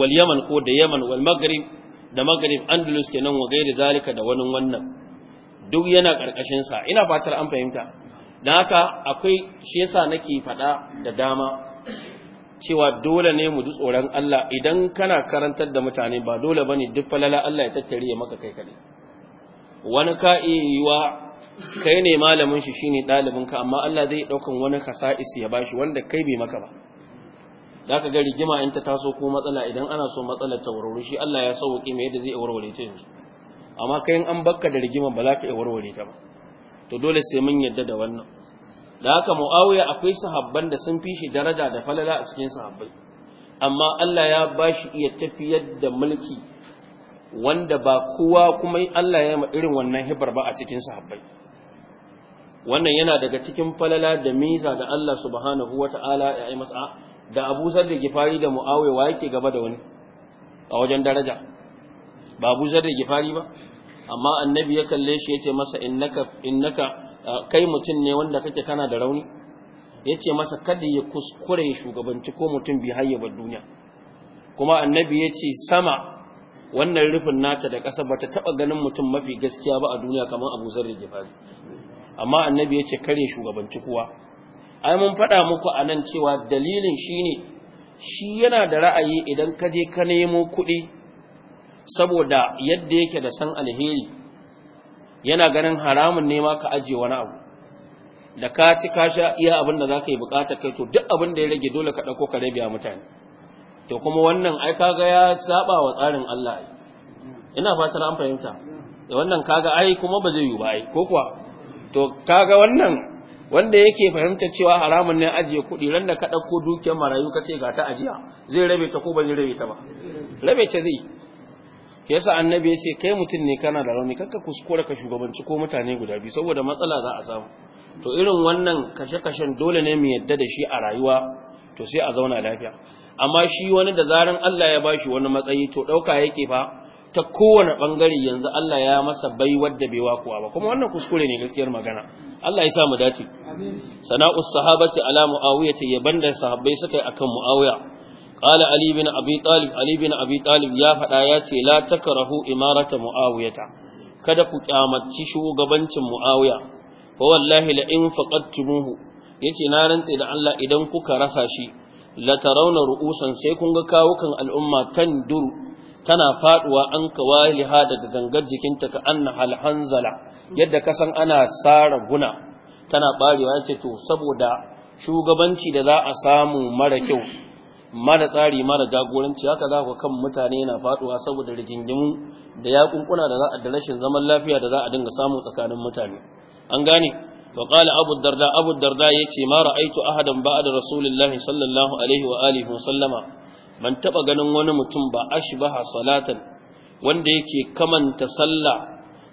wal yaman ko da yaman wal maghrib da maghrib andalus kenan wa gairi zalika da wani wannan duk yana karkashin sa ina fatar an fahimta dan haka akwai shi yasa nake faɗa da dama cewa dole ne mu ji tsoron Allah idan kana karantar da mutane ba dole ba ne duk falala Allah ya tattari ya maka kai kaɗai wani ka iya kai ne malamin shi shi ne ɗalibinka amma Allah zai ɗaukan wani kasa'is ya ba bashi wanda kai bai maka ba da ka ga rigima in ta taso ko matsala idan ana so matsalar ta warware shi Allah ya sauƙi mai yadda zai warware ta yanzu amma kai an bakka da rigima ba za ka iya warware ta ba to dole sai mun yadda da wannan da haka muawiya akwai sahabban da sun fi shi daraja da falala a cikin sahabbai amma Allah ya ba shi iya tafiyar da mulki wanda ba kowa kuma Allah ya ma irin wannan hibar ba a cikin sahabbai wannan yana daga cikin falala da miza da Allah subhanahu wata'ala ya yi masa da Abu Zar da Gifari da Muawiya wa yake gaba da wani a wajen daraja ba Abu Zar da Gifari ba amma annabi ya kalle shi yace masa innaka innaka kai mutum ne wanda kake kana da rauni Ya ce masa kada ya kuskure shugabanci ko mutum bi hayyabar duniya kuma annabi ya ce sama wannan rufin nata da ƙasa bata taba ganin mutum mafi gaskiya ba a duniya kamar Abu da fari. amma annabi ya yace kare shugabanci kuwa ai mun faɗa muku a nan cewa dalilin shine shi yana da ra'ayi idan ka je ka nemo kuɗi saboda yadda yake da san alheri yana ganin haramun ne ma ka ajiye wani abu da ka ci ka sha iya abin da za ka yi bukatar kai to duk abin da ya rage dole ka ɗauko ka rabiya mutane to kuma wannan ai kaga ya saba wa tsarin Allah ina fatar an fahimta da wannan kaga ai kuma ba zai yi ba ai ko kuwa to kaga wannan wanda yake fahimta cewa haramun ne ajiye kuɗi ran da ka ɗauko dukiyar marayu ka ce ga ta ajiya zai rabe ta ko ba zai rabe ta ba rabe ta zai yasa annabi ya ce kai mutum ne kana da rauni kakka kuskura ka shugabanci ko mutane guda biyu saboda matsala za a samu to irin wannan kashe-kashen dole ne mu yadda da shi a rayuwa to sai a zauna lafiya amma shi wani da zaran Allah ya bashi wani matsayi to dauka yake fa ta kowane bangare yanzu Allah ya masa bai wadda bai wakuwa ba kuma wannan kuskure ne gaskiyar magana Allah ya sa mu dace sana'us sahabati ala muawiya ya ban da sahabbai suka yi akan muawiya قال علي بن أبي طالب علي بن أبي طالب يا فداياتي لا تكره إمارة معاوية kada ku kyamaci shugabancin Muawiya fa wallahi la in faqadtumuhu yace na rantse da Allah idan kuka rasa shi la tarawna ru'usan sai kun ga kawukan al'umma tan duru tana faduwa an kawaliha daga gangar jikinta ka anna halhanzala yadda kasan ana sara guna tana barewa yace to saboda shugabanci da za a samu mara kyau mara tsari mara jagoranci haka za ku kan mutane na faduwa saboda rigingimu da ya kunkuna da za a da rashin zaman lafiya da za a dinga samu tsakanin mutane an gane wa qala abu darda abu darda yace ma ra'aitu ahadan ba'da rasulillahi sallallahu alaihi wa alihi wa sallama ban taba ganin wani mutum ba ashbaha salatan wanda yake kamanta sallah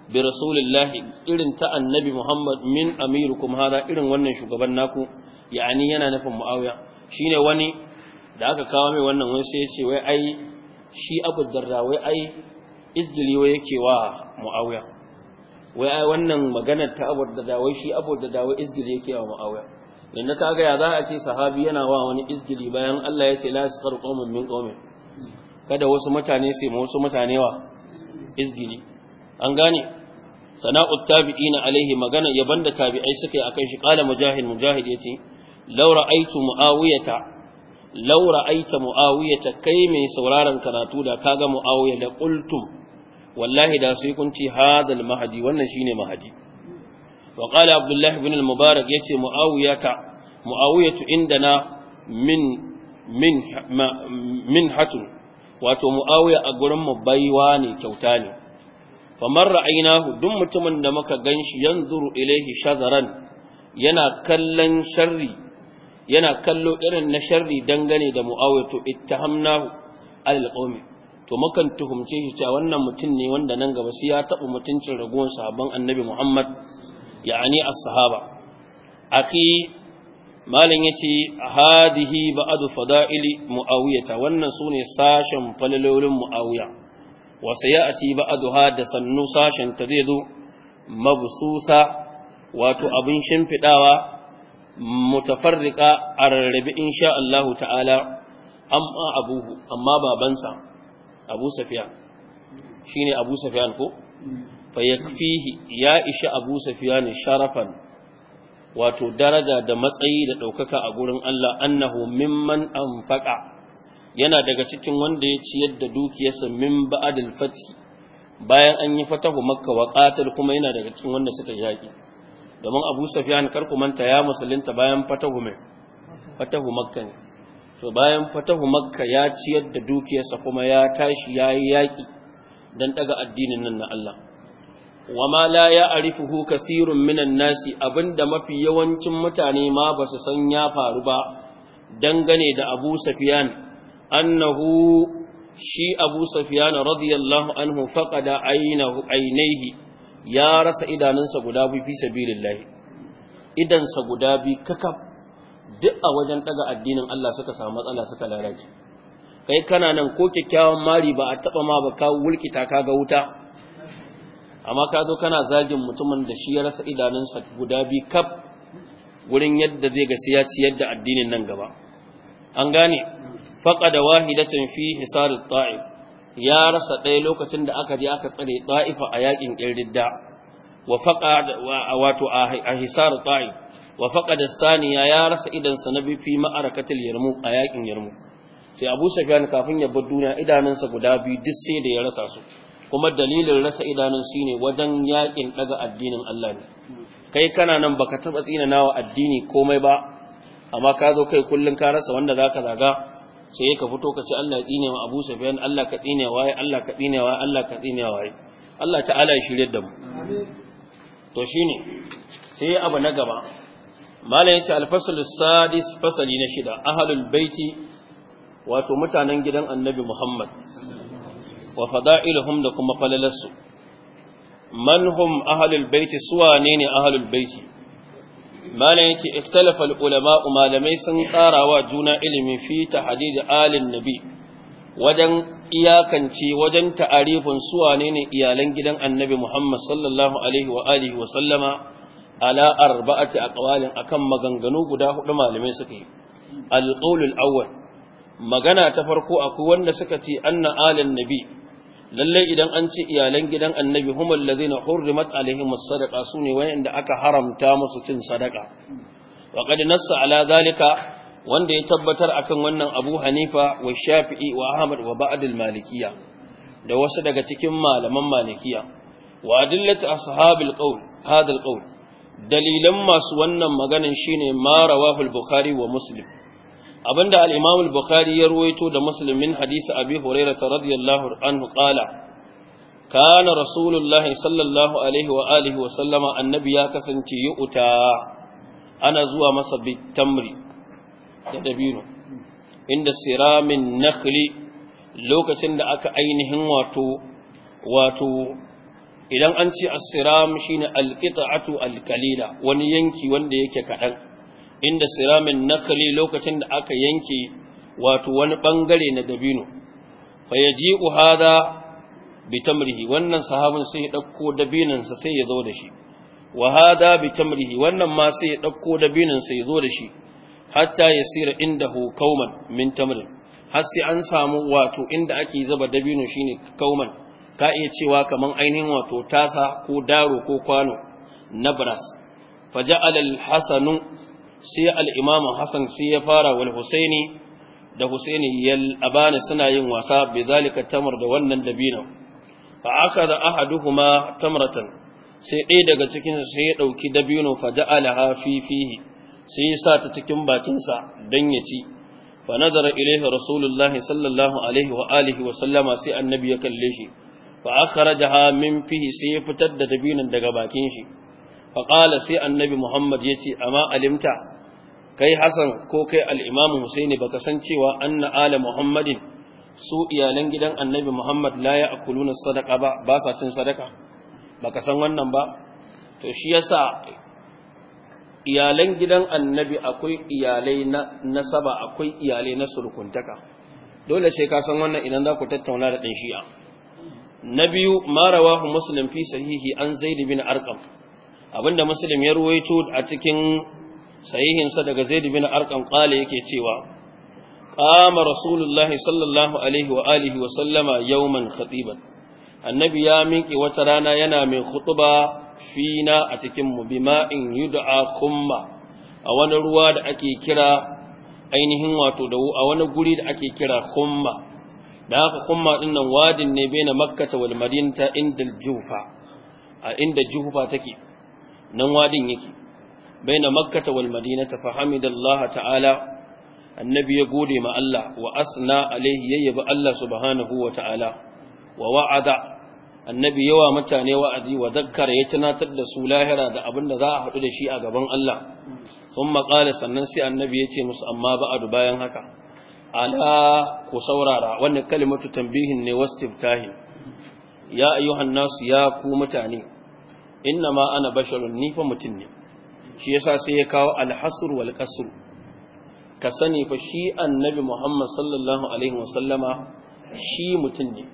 bi rasulillahi irin ta annabi muhammad min amirukum hada irin wannan shugaban naku yani yana nufin muawiya shine wani da aka kawo mai wannan wani sai ya ce wai ai shi abu darda wai ai izdili wai yake wa mu'awiya wai ai wannan maganar ta abu darda wai shi abu darda wai izdili yake wa mu'awiya inda kaga ya za a ce sahabi yana wa wani izdili bayan Allah ya ce la yasqar qauman min qaumin kada wasu mutane sai mu wasu mutane wa izdili an gane sana'ut tabi'ina alaihi magana yaban da tabi'ai suka yi akan shi qala mujahid mujahid yace law ra'aytu muawiyata laura aita ta kai mai sauraron karatu da ka ga mu'awiya da kultun wallahi da sai kun hadal mahadi wannan shine mahadi. wa qala bin ibn al-mubarak yace mu'awiyata mu'awiyatu indana min min min hatun wato mu'awiya a gurin mu baiwa ne kyauta ne famar ra'ayinahu duk mutumin da muka ganshi yanzuru ilaihi shazaran yana kallon sharri yana kallo irin na sharri dangane da mu'awiyah ittahamnahu alal qawmi to mukan tuhumce shi cewa wannan mutum ne wanda nan gaba sai ya taɓa mutuncin ragon sahabban annabi Muhammad ya'ani as-sahaba akhi malam ya hadihi ba'adu fada'ili mu'awiyata wannan sune sashen falalolin mu'awiya wasu sayati ati ba'adu ha da sannu sashen ta zai mabususa wato abin shimfiɗawa mutafarriqa a rarrabe insha Allah ta'ala amma abuhu amma babansa Abu Sufyan shine Abu Sufyan ko fa yakfihi ya isha Abu Sufyan sharafan wato daraja da matsayi da ɗaukaka a gurin Allah annahu mimman anfaqa yana daga cikin wanda ya ciyar da dukiyarsa min ba'dal fati bayan an yi fatahu makka wa qatal kuma yana daga cikin wanda suka yaki domin abu safiyan karku manta ya musulunta bayan fatahu mai fatahu makka ne to bayan fatahu makka ya ciyar da dukiyarsa kuma ya tashi ya yi yaƙi don daga addinin nan na Allah wa ma la ya arifuhu kasirun minan nasi abinda mafi yawancin mutane ma ba su san ya faru ba dangane da abu safiyan annahu shi abu safiyan radiyallahu anhu faqada ainihi ya rasa idanunsa guda biyu fi sabilillahi idansa guda biyu kaka duk a wajen daga addinin Allah suka samu matsala suka laraji kai kana nan ko kyakkyawan mari ba a taba ma ba ka wulkita ka ga wuta amma ka zo kana zagin mutumin da shi ya rasa idanunsa guda biyu kaf gurin yadda zai ga ya ciyar da addinin nan gaba an gane faqada wahidatan fi hisar at-ta'ib ya rasa ɗaya lokacin da aka je aka tsare ɗa'ifa a yaƙin ƙirridda wa faƙa wato a hisar ta'i wa faƙa da saniya ya rasa idansa na bifi ma'arakatil yarmu a yaƙin yarmu sai abu gani kafin ya bar duniya idanunsa guda biyu duk sai da ya rasa su kuma dalilin rasa idanun shi ne wajen yaƙin ɗaga addinin Allah ne kai kana nan baka taɓa tsina nawa addini komai ba amma ka zo kai kullum ka rasa wanda za ka zaga sai ka fito ka ce Allah ya wa Abu Sufyan Allah ka tsine waye Allah ka tsine waye Allah ka tsine waye Allah ta'ala ya shirye da mu to shine sai abu na gaba malam yace al-fasl as-sadis fasali na shida ahlul baiti wato mutanen gidan annabi Muhammad wa fada'iluhum da kuma falalarsu man hum ahlul baiti suwa ne ne ahlul baiti malam yace ikhtalafa ulama malamai sun wa juna ilimi fi tahdid alin nabi wajen iyakance wajen ta'arifin su wane ne iyalan gidan annabi Muhammad sallallahu alaihi wa alihi wa sallama ala arba'ati aqwalin akan maganganu guda hudu malamai suka yi al-qawl al-awwal magana ta farko akwai wanda suka ce anna alin nabi lalle idan an ce iyalan gidan annabi humul ladina hurrimat alaihim as-sadaqa sune wayanda aka haramta musu cin sadaka. wa qad nassa ala zalika wanda ya tabbatar akan wannan Abu Hanifa wa Shafi'i wa Ahmad wa ba'd al-Malikiyya da wasu daga cikin malaman Malikiyya wa adillatu ashabil qawl hada al-qawl dalilan masu wannan maganan shine ma rawahu al-Bukhari wa Muslim abinda al-Imam al-Bukhari ya ruwaito da Muslim min hadisi Abi Hurairah radiyallahu anhu qala kana Rasulullahi sallallahu alaihi wa alihi wa sallama annabi ya kasance yu'ta ana zuwa masa bitamri da dabino inda siramin nakhli lokacin da aka ainihin wato wato idan an ce as-siram shine al-qita'atu al-qalila wani yanki wanda yake kaɗan. inda siramin nakali lokacin da aka yanke wato wani bangare na dabino fa yaji'u hada bitamrihi wannan sahabin sai ya dauko sa sai ya zo da shi wa hada bitamrihi wannan ma sai ya dauko sa ya zo da shi hatta yasira indahu kauman min tamrin har sai an samu wato inda ake zaba dabino shine kauman ka iya cewa kaman ainihin wato tasa ko daro ko kwano na brass faja'ala al-hasanu sai al Hassan sai ya fara wal husaini da husaini yal bani suna yin wasa bi zalika tamar da wannan dabino fa akhadha ahaduhuma tamratan sai ɗaya daga cikin sai ya ɗauki dabino fa ja'alaha fi fihi sai ya sa ta cikin bakinsa don dan ya ci fa nazara ilaihi rasulullahi sallallahu alaihi wa alihi wa sallama sai annabi ya kalle shi fa akhrajaha min fihi sai ya fitar da dabinon daga bakin shi faƙala sai annabi muhammad ya ce amma alimta kai hassan ko kai al'imamu husaini baka san cewa anna ala muhammadin su iyalan gidan annabi muhammad la ya akuluna sadaka ba ba sa cin sadaka baka san wannan ba to shi sa iyalan gidan annabi akwai iyalai na nasaba akwai iyalai na surkuntaka dole sai ka san wannan idan za ku tattauna da ɗan shi'a na biyu marawa rawahu muslim fi sahihi an zaid bin arkam. abinda muslim ya ruwaito a cikin sahihinsa daga zaid bin arqam qala yake cewa qama rasulullah sallallahu alaihi wa alihi wa sallama yawman khatiban annabi ya miƙe wata rana yana mai khutuba fina a cikin mu bima'in yud'a kumma a wani ruwa da ake kira ainihin wato da a wani guri da ake kira kumma da haka kumma din nan wadin ne bai na makkata wal madinta inda jufa a inda jufa take nan wadin yake baina makkata wal madinata fa hamidallahi ta'ala annabi ya gode ma Allah wa asna alaihi yayyabi Allah subhanahu wa ta'ala wa wa'ada annabi yawa mutane wa'azi wa zakkara ya tunatar da su lahira da abin da za a haɗu da shi a gaban Allah sun maƙala sannan sai annabi ya ce musu amma ba'adu bayan haka ala ku saurara wannan kalimatu tambihin ne wasu ya ayyuhan nasu ya ku mutane inna ma ana basharun ni fa mutum ne shi yasa sai ya kawo alhasr wal qasr ka sani fa shi annabi Muhammad sallallahu alaihi wasallama shi mutum ne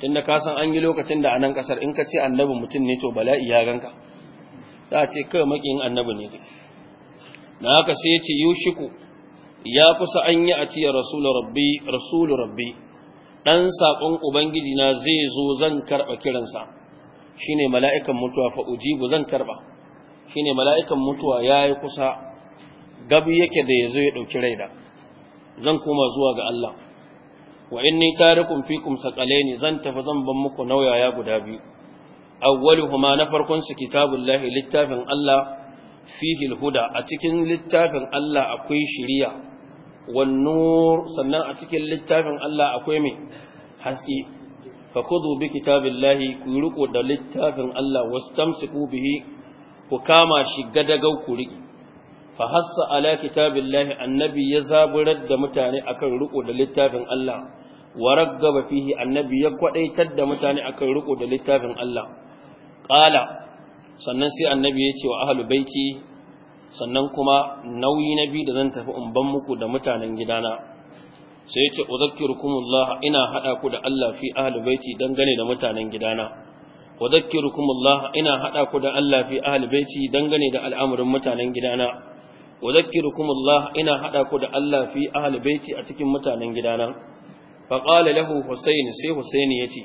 tunda ka san an yi lokacin da anan kasar in ka ce annabi mutum ne to bala'i ya ganka za a ce kai makin annabi ne kai na haka sai ya ce yushiku ya kusa an yi a ciye rasulu rabbi rasulu rabbi dan sakon ubangiji na zai zo zan karba kiransa shine mala'ikan mutuwa fa ujibu zan karba shine mala'ikan mutuwa yayi kusa gabi yake da yazo ya ɗauki ra'ida. zan koma zuwa ga Allah wa inni tarikum fikum saqalaini zan tafi zan ban muku nauyaya guda biyu awwaluhuma na farkon su kitabullahi littafin Allah fihi alhuda a cikin littafin Allah akwai shiriya wan sannan a cikin littafin Allah akwai mai haske fa khudhu bi kitabillahi ku riko da littafin Allah wastamsiku bihi ku kama shi gadagau ku riki fa hassa ala kitabillahi annabi ya zaburar da mutane akan riko da littafin Allah wa raggaba fihi annabi ya kwadaitar da mutane akan riko da littafin Allah qala sannan sai annabi ya ce wa ahlu baiti sannan kuma nauyi na biyu da zan tafi in ban muku da mutanen gidana sai yake udhakkirukumullah ina hada ku da Allah fi ahli baiti dangane da mutanen gidana udhakkirukumullah ina hada ku da Allah fi ahli baiti dangane da al'amuran mutanen gidana udhakkirukumullah ina hada ku da Allah fi ahli baiti a cikin mutanen gidana fa qala lahu husayn sai husayn yace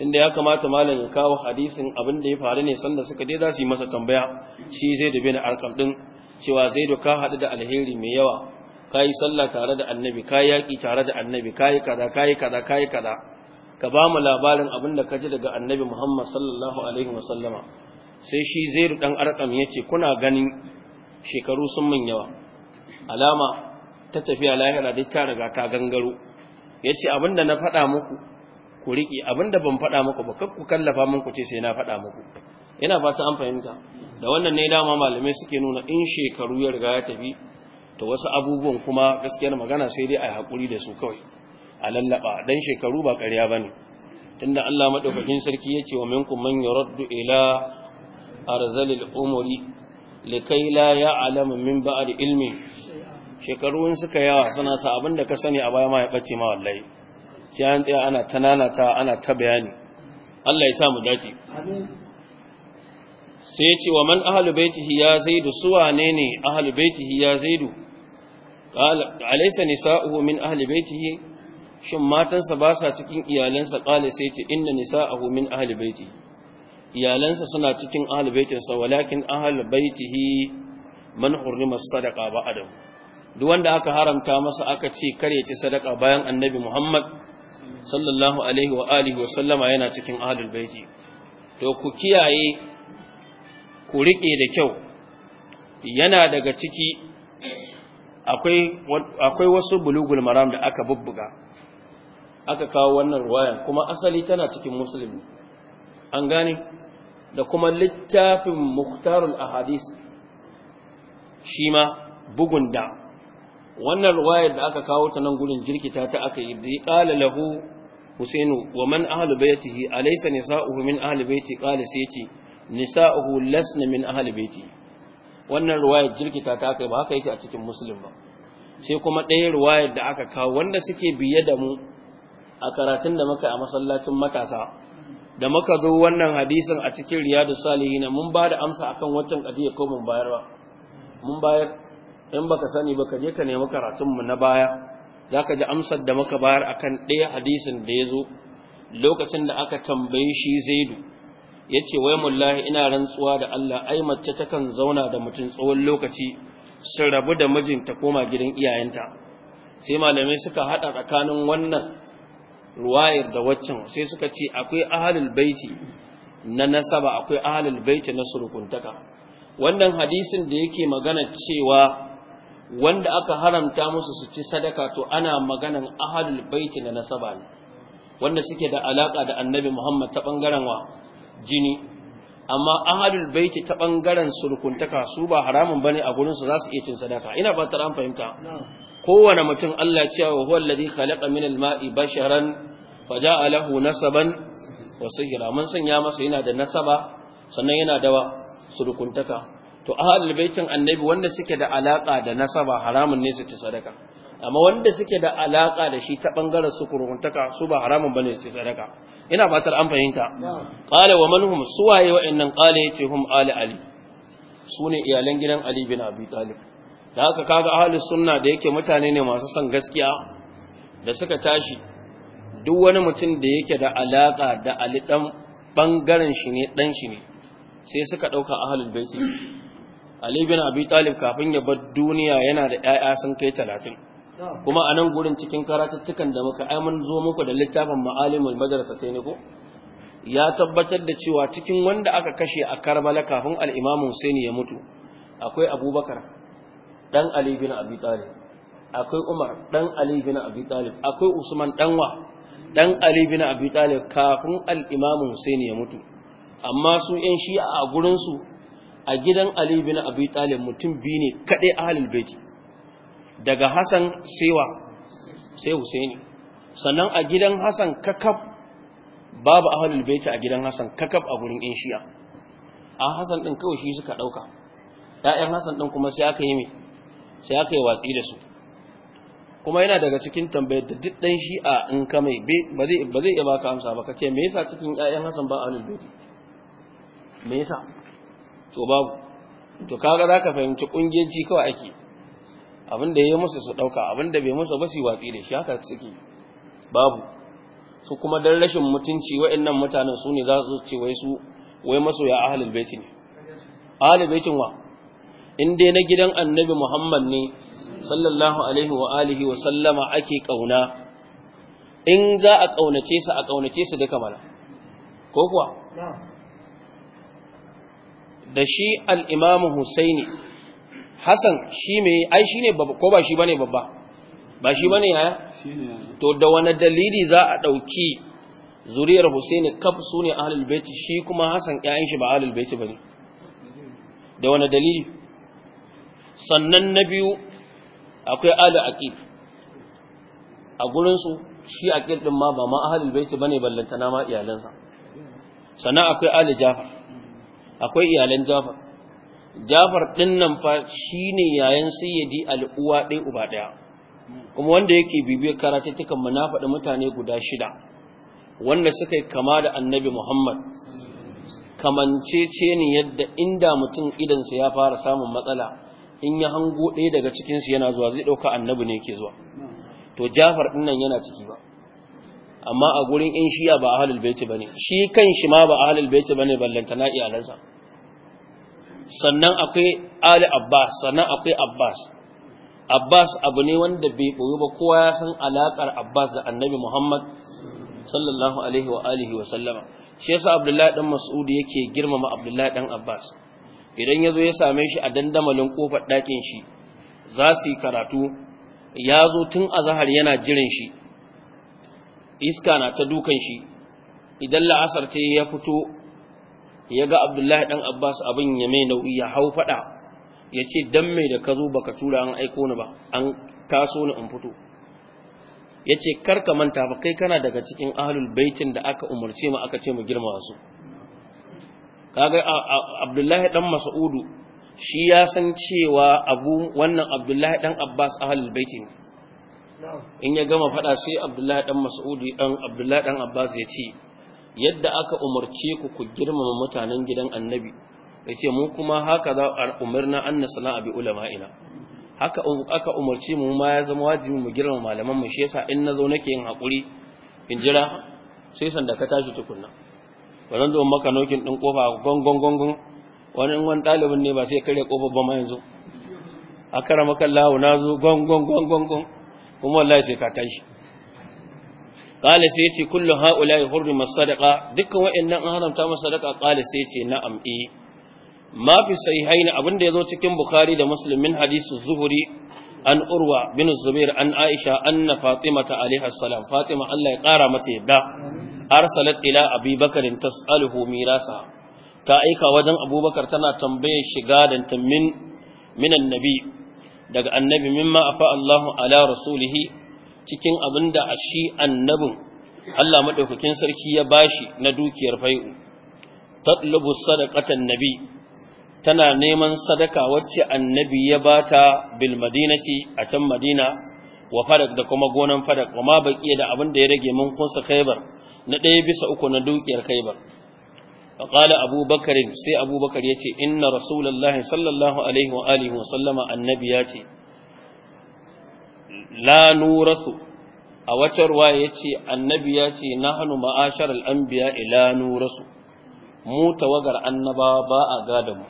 tunda ya kamata malam ya kawo hadisin abin da ya faru ne sanda suka dai za su yi masa tambaya shi zai da bin arqam din cewa zai ka hadu da alheri mai yawa kayi sallah tare da annabi kayi yaƙi tare da annabi kayi yi kayi ka kayi kaza ka ba mu labarin abin da ka ji daga annabi Muhammad sallallahu alaihi wasallama sai shi Zairu dan Arqam yace kuna ganin shekaru sun mun yawa alama ta tafiya lahira duk ta riga ta gangaro yace da na faɗa muku ku riƙe da ban faɗa muku ba kar ku kallafa min ku ce sai na faɗa muku ina fata an fahimta da wannan ne dama malamai suke nuna in shekaru ya riga ya tafi to wasu abubuwan kuma gaskiyar magana sai dai a yi haƙuri da su kawai a lallaba don shekaru ba ƙarya ba ne tunda Allah maɗaukakin sarki ya ce wa minku man raddu ila arzalil umuri kai la ya'lamu min da ilmi shekaru in suka yawa suna sa abin da ka sani a baya ma ya ɓace ma wallahi sai an tsaya ana tananata ana ta bayani Allah ya sa mu dace sai ya ce wa man ahalu baitihi ya zaidu suwa ne ne ahalu baitihi ya zaidu alaysa nisa'uhu min ahli baitihi shin matansa ba sa cikin iyalansa qala sai ce inna nisa'uhu min ahli baitihi iyalansa suna cikin ahli baitinsa walakin ahli baitihi man hurrima sadaqa ba'da duk wanda aka haramta masa aka ce kare ci sadaka bayan annabi Muhammad sallallahu alaihi wa alihi wa sallama yana cikin ahli baiti to ku kiyaye ku rike da kyau yana daga ciki akwai wasu bulugul maram da aka bubbuga aka kawo wannan ruwayan kuma asali tana cikin musulmi an gane da kuma littafin muktarul ahadis shi ma bugun da wannan ruwayar da aka kawo ta nan gudun jirkita ta aka yi bi qala lahu husainu wa man ahlu baytihi alaysa nisa'uhu min ahli bayti qala sayti nisa'uhu lasna min ahli bayti wannan ruwayar jirkita ta kai ba haka yake a cikin musulun ba sai kuma ɗaya ruwayar da aka kawo wanda suke biye da mu a karatun da muka a masallacin matasa da muka zo wannan hadisin a cikin riyadu na mun ba da amsa akan waccan ƙadiyar ko mun bayar ba mun bayar in baka sani ba ka je ka nemi karatun mu na baya za ka ji amsar da muka bayar akan ɗaya hadisin da ya zo lokacin da aka tambaye shi zaidu ya ce wai mullahi ina rantsuwa da Allah ai mace takan zauna da mutum tsawon lokaci sun rabu da mijinta koma gidan iyayenta sai malamai suka haɗa tsakanin wannan ruwayar da waccan sai suka ce akwai ahalul baiti na nasaba akwai ahalul baiti na surukuntaka wannan hadisin da yake magana cewa wanda aka haramta musu su ci sadaka to ana maganan ahalul baiti na nasaba ne wanda suke da alaka da annabi Muhammad ta bangaren wa jini amma halin baiti ta bangaren surkuntaka su ba haramun bane a gurin su zasu iya cin sadaka ina ba ta fahimta kowane mutum Allah ya ce wa huwa alladhi khalaqa min al-ma'i basharan ja'a lahu nasaban wa sihra mun sanya masa yana da nasaba sannan yana da surkuntaka to ahalul baitin annabi wanda suke da alaka da nasaba haramun ne su ci sadaka amma wanda suke da alaka da shi ta bangaren su kuruntaka su ba haramun bane su sadaka ina fatar an fahimta qala wa manhum suwaye innan qala yace hum ali ali sune iyalan gidan ali bin abi talib da haka kaga ahli sunna da yake mutane ne masu son gaskiya da suka tashi duk wani mutum da yake da alaka da ali dan bangaren shi ne dan shi ne sai suka dauka ahlul baiti Ali bin Abi Talib kafin ya bar duniya yana da ‘ya'ya sun kai talatin. kuma a nan gurin cikin karatattukan da muka ai mun zo muku da littafin ma'alimul madrasa sai ne ko ya tabbatar da cewa cikin wanda aka kashe a Karbala kafin al-Imam husaini ya mutu akwai Abubakar dan Ali bin Abi Talib akwai Umar dan Ali bin Abi Talib akwai Usman dan wa dan Ali bin Abi Talib kafin al-Imam husaini ya mutu amma su yan shi a gurin su a gidan Ali bin Abi Talib mutum biyu ne kadai ahlul baiti daga Hassan Sewa sai Husaini sannan a gidan Hassan kakab babu ahlul baiti a gidan Hassan kakab a gurin Inshiya shi'a a Hassan din kawai shi suka dauka ƴaƴan Hassan din kuma sai aka yi me sai aka yi watsi da su kuma yana daga cikin tambayar da duk ɗan shi'a in ka mai ba zai ba zai baka amsa ba kace me yasa cikin ƴaƴan Hassan ba ahlul baiti me yasa to babu to kaga zaka fahimci kungiyanci kawai ake abin da ya musu su dauka abin da bai musu ba su watsi da shi haka suke babu su kuma dan rashin mutunci waɗannan mutanen su ne za su ce wai su wai masoya ahlul baiti ne ahlul baitin wa in dai na gidan annabi Muhammad ne sallallahu alaihi wa alihi wa sallama ake kauna in za a kaunace su a kaunace su duka mana ko kuwa da shi al Husaini Hassan shi mai ai ne babba ko ba shi bane babba ba shi bane yaya to da wani dalili za a dauki zuriyar Husaini kaf sune ahlul bait shi kuma Hassan ƴaƴan shi ba ahlul ba bane da wani dalili sannan na biyu akwai ahlul aqid a gurin su shi aqid din ma ba ma ahlul bait bane ballantana ma iyalansa sannan akwai ahlul jafar akwai iyalan jafar Jafar ɗin nan fa shi ne yayan sayyadi al'uwa ɗaya uba ɗaya, kuma wanda yake bibiyar karatattukan mu mutane guda shida, wanda suka yi kama da annabi Muhammad, kamancece ne yadda inda mutum idansa ya fara samun matsala in ya hango ɗaya daga cikinsu yana zuwa zai ɗauka annabi ne ke zuwa. To Jafar ɗin nan yana ciki ba. Amma a gurin in shiya ba a halil baiti ba ne, shi kan shi ma ba a halil baiti ba ne ballantana iyalansa. sannan akwai Ali Abbas sannan akwai Abbas Abbas abu ne wanda bai boye ba kowa ya san alaƙar Abbas da Annabi Muhammad sallallahu alaihi wa alihi wa sallama shi yasa Abdullahi dan Mas'ud yake girmama Abdullahi dan Abbas idan yazo ya same shi a dandamalin kofar ɗakin shi za su yi karatu ya zo tun azahar yana jiran shi iska na ta dukan shi idan la'asar ta ya fito ya ga abdullahi ɗan abbas abin ya mai nauyi ya hau faɗa ya ce dan mai da ka zo baka tura an aiko ni ba an taso ni in fito ya ce karka manta ba kai kana daga cikin ahalul baitin da aka umarce mu aka ce mu girma su kaga abdullahi ɗan Masa'udu shi ya san cewa abu wannan abdullahi ɗan abbas ahlul baitin in ya gama faɗa sai abdullahi ɗan Masa'udu, ɗan abdullahi ɗan abbas ya ce yadda aka umarce ku ku girmama mutanen gidan annabi yace mu kuma haka za a umarna an nasala bi ina. haka aka umarce mu ma ya zama wajibi mu girmama malaman mu shi yasa in nazo nake yin hakuri in jira sai sanda ka tashi tukunna wannan zo maka nokin din kofa gongon gongon wani wani dalibin ne ba sai kare kofar ba ma yanzu akara maka lawo nazo gongon gongon kuma wallahi sai ka tashi qala sai ce kullum haula yuhrimu sadaqa dukkan wayannan an haramta masa sadaqa qala sai yace na'am sai eh. ma abin da ya zo cikin bukhari da muslim min hadisi zuhuri an urwa bin zubair an aisha anna fatimata alaiha salam fatima Allah ya kara mata yadda arsalat ila abi bakarin tas'aluhu mirasa ta aika wajen abubakar tana tambayar shiga dantan min minan nabi daga annabi mimma afa Allahu ala rasulihi cikin abin da a shi annabin Allah maɗaukakin sarki ya bashi na dukiyar fai'u tatlubu sadaqatan nabi tana neman sadaka wacce annabi ya bata bil madinati a can madina wa fadak da kuma gonan fadak wa ma baƙi da abin da ya rage mun kunsa kaibar na ɗaya bisa uku na dukiyar kaibar fa Baƙala abubakar sai abubakar yace inna rasulullahi sallallahu alaihi wa wa sallama annabi yace la nurasu a wacce ruwa ya ce annabi ya ce na hannu ma'ashar al'ambiya ila nurasu mu tawagar annabawa ba a gada mu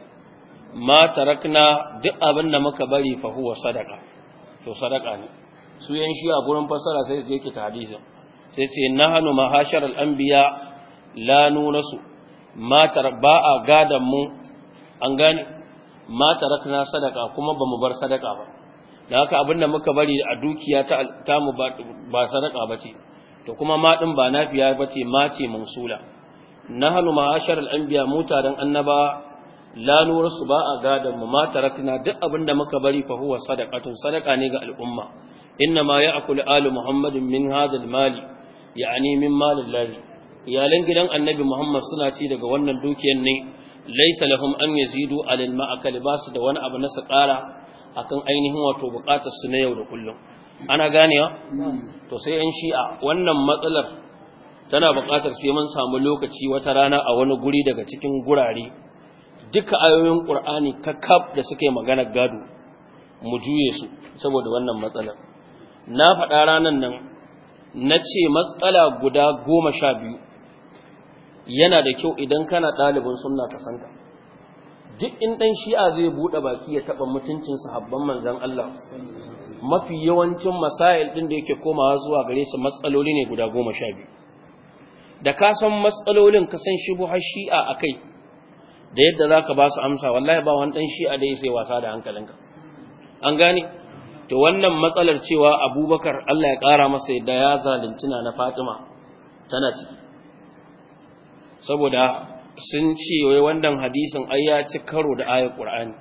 ma tarakna duk abin da muka bari fahuwa sadaka to sadaka ne su yan shi a gurin fasara sai je ki hadisin sai ce na hannu ma'ashar al'ambiya la nurasu ma ba a gadan mu an gane ma tarakna sadaka kuma ba mu bar sadaka ba da haka abin da muka bari a dukiya ta mu ba sadaka ba ce to kuma ma din ba nafiya ba ce ma ce mausula nahnu ma'ashar al-anbiya mutaren annaba la ba a gadan mu ma tarakna duk abin da muka bari fa huwa sadaqatun sadaka ne ga al'umma inna ma ya'kulu alu muhammadin min hadha al-mali ya'ni min malillahi iyalan gidan annabi muhammad suna ci daga wannan dukiyar ne laysa lahum an yazidu alal ma'akal basu da wani abu na su ƙara akan ainihin wato bukatar su na yau da kullum ana ya to sai yan shi'a wannan matsalar tana bukatar sai mun samu lokaci wata rana a wani guri daga cikin gurare duka ayoyin qur'ani kakkab da suke magana gado mu juye su saboda wannan matsalar na faɗa ranan nan na ce matsala guda goma sha biyu yana da kyau idan kana ɗalibin sunna ka sanka duk in ɗan shi'a zai buɗe baki ya taɓa mutuncin sahabban manzan Allah mafi yawancin masail ɗin da yake komawa zuwa gare su matsaloli ne guda goma sha biyu. da ka san matsalolin ka san har shi'a a kai da yadda za ka ba su amsa wallahi ba wani ɗan shi'a da sai wasa da hankalinka an gane to wannan matsalar cewa Abubakar Allah ya ƙara masa yadda ya zalunci na Fatima tana ciki saboda sun ce wai wannan hadisin ai ya ci karo da ayar Qur'ani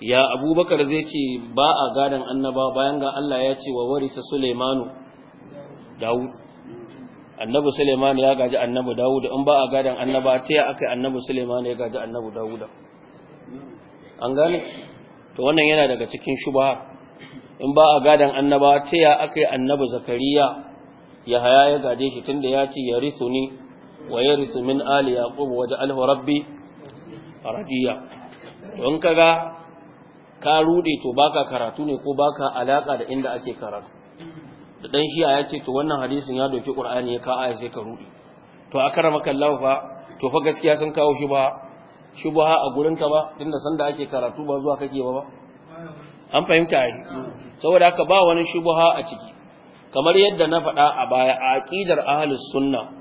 ya Abubakar zai ce ba a gadan annaba bayan ga Allah ya ce wa warisa Sulaimanu Dawud annabi Sulaiman ya gaji annabi Dawud in ba a gadan annaba ta ya akai annabi Sulaiman ya gaji annabi Dawud an gane to wannan yana daga cikin shubha in ba a gadan annaba ta ya akai annabi Zakariya ya haya ya gaje shi tunda ya ce ya risu ni ويرث من آل يعقوب وجعله ربي rabbi don kaga ka rude to baka karatu ne ko baka alaka da inda ake karatu da dan shiya ya ce to wannan hadisin ya doki qur'ani ya ka aya sai ka rude to akramaka Allah fa to fa gaskiya sun kawo shi ba shubha a ka ba tunda sanda ake karatu ba zuwa kake ba ba an fahimta ai saboda haka ba wani shubha a ciki kamar yadda na faɗa a baya a aqidar ahlus sunna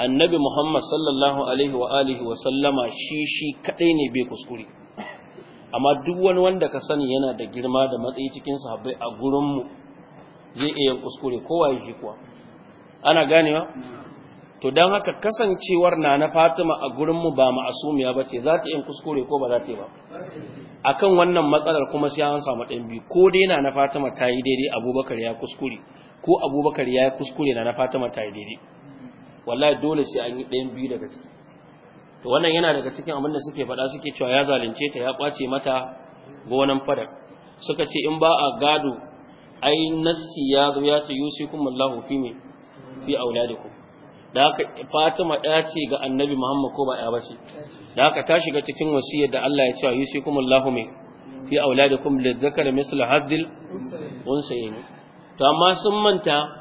annabi Muhammad sallallahu alaihi wa alihi wa sallama shi shi kadai ne bai kuskure amma duk wani wanda ka sani yana da girma da matsayi cikin sahabbai a gurin zai iya kuskure kowa shi kuwa ana ganewa to dan haka kasancewar na Fatima a gurin mu ba ma'asumiya bace za ta yin kuskure ko ba za ta yi ba akan wannan matsalar kuma sai an samu dan bi ko dai na na Fatima ta yi daidai Abubakar ya kuskure ko Abubakar ya kuskure na na Fatima ta yi daidai wallahi dole sai an yi ɗayan biyu daga ciki to wannan yana daga cikin abin da suke faɗa suke cewa ya zalunce ta ya kwace mata gonan fada suka ce in ba a gado ai nassi ya zo ya ce yusikum Allahu fi me fi auladikum da haka Fatima ɗaya ce ga Annabi Muhammad ko ba ya bace da haka ta shiga cikin wasiyya da Allah ya ce yusikum Allahu me fi auladikum lidzakari mislu hadzil to amma sun manta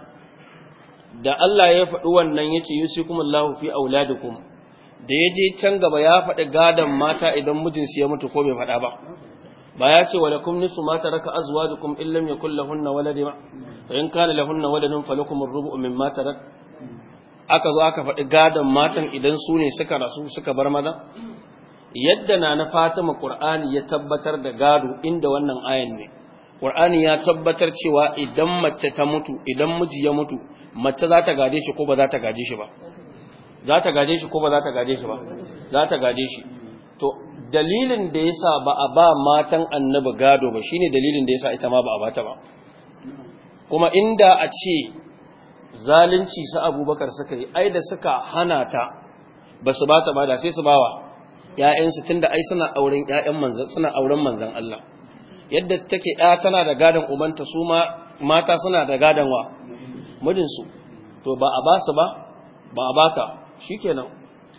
da Allah ya faɗi wannan ya ce kuma yusikumullahu fi auladikum da ya je can gaba ya faɗi gadon mata idan mijinsu ya mutu ko bai faɗa ba ba ya ce wala kum nisu mata raka azwajukum in lam yakul lahunna waladi ma fa in kana lahunna waladun falakum ar-rubu mimma tarak aka zo aka faɗi gadon matan idan su ne suka rasu suka bar maza yadda na na Fatima Kur'ani ya tabbatar da gado inda wannan ayan ne Qur'ani ya tabbatar cewa idan mace ta mutu idan miji ya mutu mace za ta gade shi ko ba za ta gade shi ba za ta gade shi ko ba za ta gade shi ba za ta gade shi to dalilin da yasa ba a ba matan annabi gado ba shine dalilin da yasa ita ma ba a bata ba kuma inda a ce zalunci su abubakar suka yi ai da suka hana ta ba su ba ta ba da sai su bawa ƴaƴansu tunda ai suna auren ƴaƴan manzan suna auren manzon Allah yadda take ɗaya tana da gadon ubanta su mata suna da gadon wa mijinsu to ba a basu ba ba a baka shikenan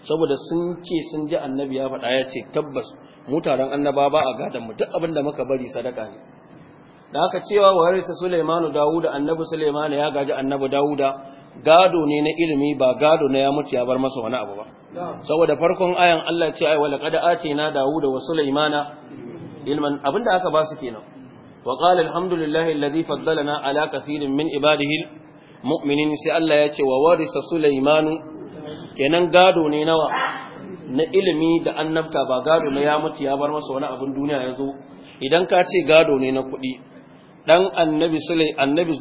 saboda sun ce sun ji annabi ya faɗa ya ce tabbas mutaren annaba ba a gadon mu duk abin muka bari sadaka ne da haka cewa wa harisa Sulaimanu Dawuda annabi Sulaimanu ya gaji annabi Dawuda gado ne na ilimi ba gado na ya mutu ya bar masa wani abu ba saboda farkon ayan Allah ce ai wala qad atina Dawuda wa Sulaimana ilman abinda aka ba su kenan wa qala alhamdulillahi alladhi faddalana ala kathirin min ibadihi mu'minin sai Allah ya ce wa warisa sulaiman kenan gado ne nawa na ilimi da annabta ba gado na ya mutu ya bar masa wani abin duniya yazo idan ka ce gado ne na kuɗi dan annabi Sulai annabi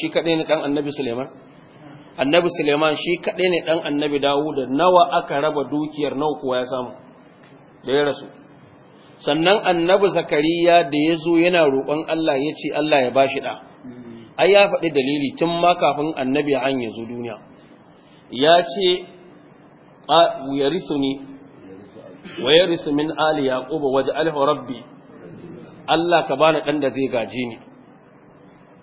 shi kadai ne dan annabi Suleiman annabi sulaiman shi kadai ne dan annabi dauda nawa aka raba dukiyar nawa kuwa ya samu da ya rasu sannan annabi zakariya da ya zo yana roƙon Allah ya ce Allah ya ba shi ɗa ai ya faɗi dalili tun ma kafin annabi an ya zo duniya ya ce a risu ni wa risu min ali yaquba waje rabbi Allah ka bani ɗan da zai gaje ni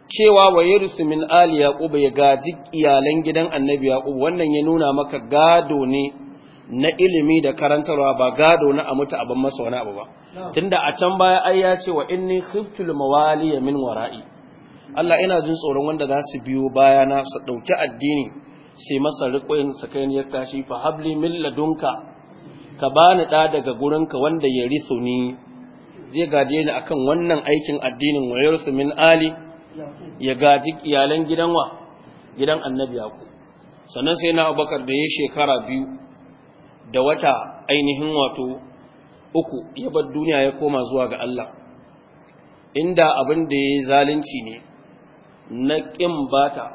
cewa wa risu min ali yaquba ya gaji iyalan gidan annabi yaqub wannan ya nuna maka gado ne na ilimi da karantarwa ba gado na a mutu abin masa wani abu ba tunda a can baya ai ya ce wa inni khiftul mawali min wara'i Allah ina jin tsoron wanda za su biyo baya na su dauki addini sai masa riƙoyin ya kashi. fa habli min ladunka ka bani da daga gurinka wanda ya riso ni zai gaje ni akan wannan aikin addinin wayarsu min ali ya gaji iyalan gidan wa gidan annabi yaqub sannan sai na abubakar da ya shekara biyu da wata ainihin wato uku ya bar duniya ya koma zuwa ga Allah inda abin da ya zalunci ne na ƙin bata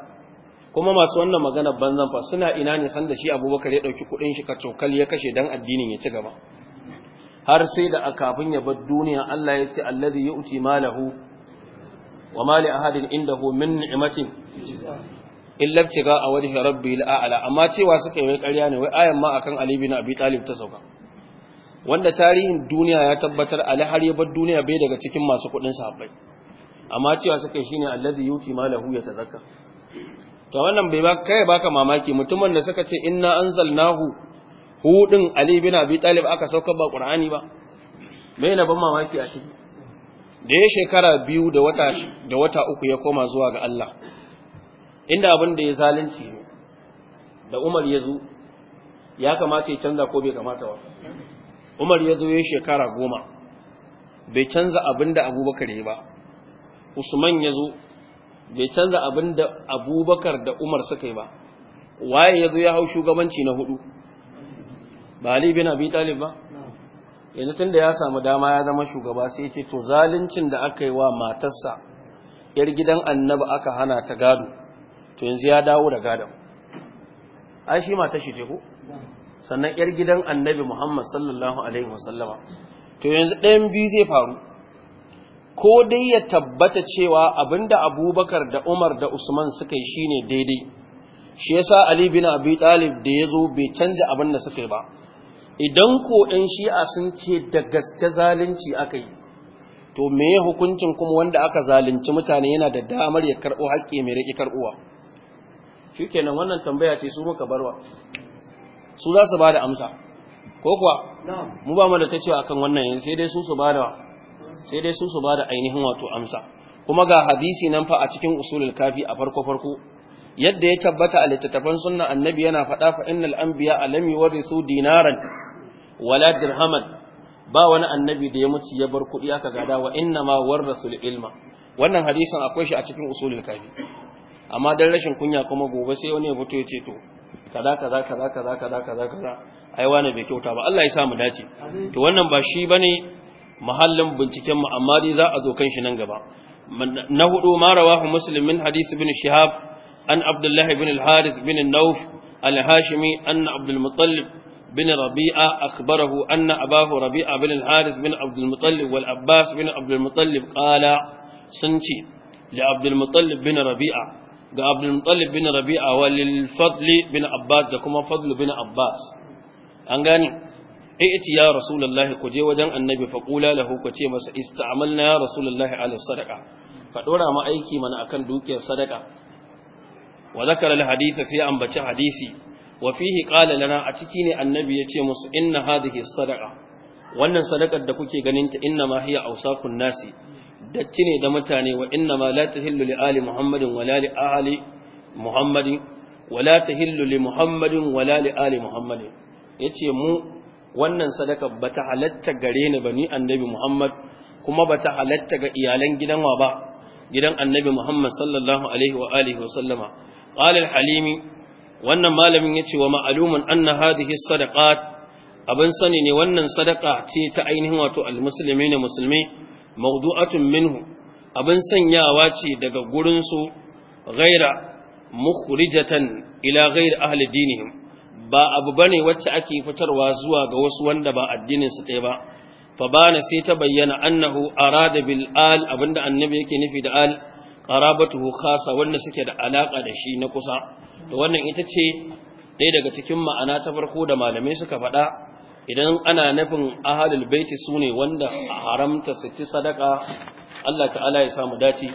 kuma masu wannan magana banzan fa suna ina ne sanda shi abubakar ya ɗauki kuɗin shi cokali ya kashe don addinin ya ci gaba har sai da a kafin ya bar duniya Allah ya ce alladhi yu'ti malahu wa mali ahadin indahu min ni'matin illa ga a wajhi rabbil a'la amma cewa suka yi karya ne wai ayan ma akan alibi na Abi Talib ta sauka wanda tarihin duniya ya tabbatar Ali har yi bar duniya bai daga cikin masu kuɗin sahabbai amma cewa suka yi shine allazi yuti malahu yatazakka to wannan bai ba kai baka mamaki mutumin da suka ce inna anzalnahu hudin Ali bin Abi Talib aka sauka ba Qur'ani ba mai na ban mamaki a ciki da ya shekara biyu da wata uku ya koma zuwa ga Allah inda abin da ya zalunci ne da umar ya zo ya kamata ya canza ko bai kamata ba umar ya zo ya shekara goma bai canza abin da abubakar ya ba usman ya zo bai canza abin da abubakar da umar suka yi ba waye ya zo ya hau shugabanci na hudu ba ali bin abi talib ba yanzu tun da ya samu dama ya zama shugaba sai ce to zaluncin da aka yi wa matarsa yar gidan annabi aka hana ta gado to yanzu ya dawo da gadon ai shi mata shi teku sannan yar gidan annabi Muhammad sallallahu alaihi wasallama to yanzu ɗayan biyu zai faru ko dai ya tabbata cewa abinda Abubakar da Umar da Usman suka yi shi ne daidai shi yasa Ali bin Abi Talib da ya zo bai canja abin da suka yi ba idan ko ɗan shi'a sun ce da gaske zalunci aka yi to me hukuncin kuma wanda aka zalunci mutane yana da damar ya karɓo haƙƙi mai riƙi karɓuwa shikenan wannan tambaya ce su muka barwa su za su ba da amsa ko kuwa mu ba mu ta cewa akan wannan yanzu sai dai su su ba da sai dai su su ba da ainihin wato amsa kuma ga hadisi nan fa a cikin usulul kafi a farko farko yadda ya tabbata a littattafan sunna annabi yana faɗa fa innal anbiya alam yuwarrisu dinaran wala dirhaman ba wani annabi da ya mutu ya bar kuɗi aka gada wa inna ma warrasul ilma wannan hadisin akwai shi a cikin usulul kafi amma dan rashin kunya kuma gobe sai wani ya fito ya ce to kaza kaza kaza kaza kaza kaza kaza ai wani bai kyauta ba Allah ya sa mu dace to wannan ba shi bane mahallin binciken mu amma dai za a zo kan shi nan gaba na hudu ma rawahu muslim min hadisi ibn shihab an abdullahi ibn al-haris ibn an-nawf al-hashimi anna abdul muttalib بن ربيعة أخبره أن أباه ربيعة بن الحارث بن عبد المطلب والعباس بن عبد المطلب قال سنتي لعبد المطلب بن ربيعة ga abdulmutallib bin rabi'a walil fadli bin abbas da kuma fadlu bin abbas an gane aiti ya rasulullahi ku je wajen annabi fa da lahu ku ce masa ista'malna ya rasulullahi ala sadaqa ka dora ma aiki mana akan dukiyar sadaka. wa zakara al hadith sai ambaci hadisi wa fihi qala lana a ciki ne annabi yace musu inna hadhihi sadaka. wannan sadakar da kuke ganinta ta inna ma hiya awsakun nasi datti ne da mutane wa inna ma la tahillu li ali muhammadin wala li ali muhammadin wala tahillu li muhammadin wala li ali muhammadin yace mu wannan sadaka bata halatta gare ni bani annabi muhammad kuma bata halatta ga iyalan gidan wa ba gidan annabi muhammad sallallahu alaihi wa alihi wa sallama qala al-halimi wannan malamin yace wa ma'lumun anna hadhihi as-sadaqat abin sani ne wannan sadaka ce ta ainihin wato almusulmi ne musulmi mawdu'atun minhu abin sanyawa ce daga gurinsu ghaira mukhrijatan ila ghairi ahli dinihim ba abu bane wacce ake fitarwa zuwa ga wasu wanda ba addinin su ɗaya ba fa bana sai ta bayyana annahu arada bil al abinda annabi yake nufi da al qarabatuhu khasa wanda suke da alaka da shi na kusa to wannan ita ce ɗaya daga cikin ma'ana ta farko da malamai suka faɗa idan ana nufin ahalul baiti sune wanda haramta su ci sadaka Allah ta'ala ya samu dace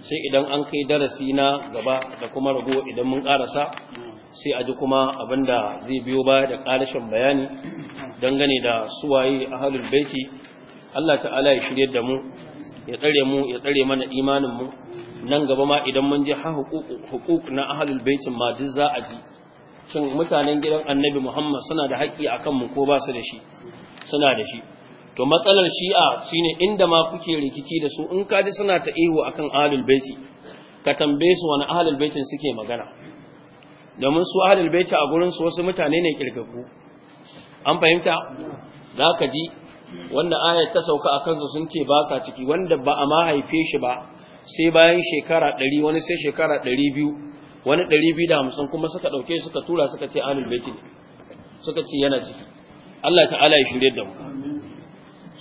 sai idan an kai darasi na gaba da kuma rago idan mun karasa sai a ji kuma abinda zai biyo baya da karashin bayani dangane da suwaye ahalul baiti Allah ta'ala ya shirye da mu ya tsare mu ya tsare mana imanin mu nan gaba ma idan mun je ha hukuku na ahalul baitin ma duk za a ji shin mutanen gidan annabi muhammad suna da haƙƙi a kanmu ko ba su da shi suna da shi to matsalar shi'a shine inda ma kuke rikici da su in kaji suna ta ihu akan ahlul baiti ka tambaye su wani ahlul baitin suke magana domin su ahlul baiti a gurin su wasu mutane ne kirkaku an fahimta za ka ji wanda ayat ta sauka akan su sun ce ba sa ciki wanda ba a ma haife shi ba sai bayan shekara ɗari wani sai shekara ɗari biyu. wani 250 kuma suka dauke suka tura suka ce ahlul baiti suka ce yana ciki Allah ta'ala ya shirye da mu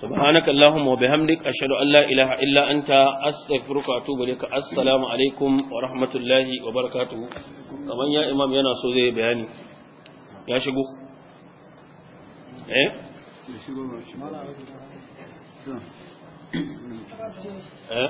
subhanaka allahumma wa bihamdik ashhadu an la ilaha illa anta astaghfiruka wa atubu ilaik assalamu alaikum wa rahmatullahi wa barakatuh kaman ya imam yana so zai bayani ya shigo eh ya shigo eh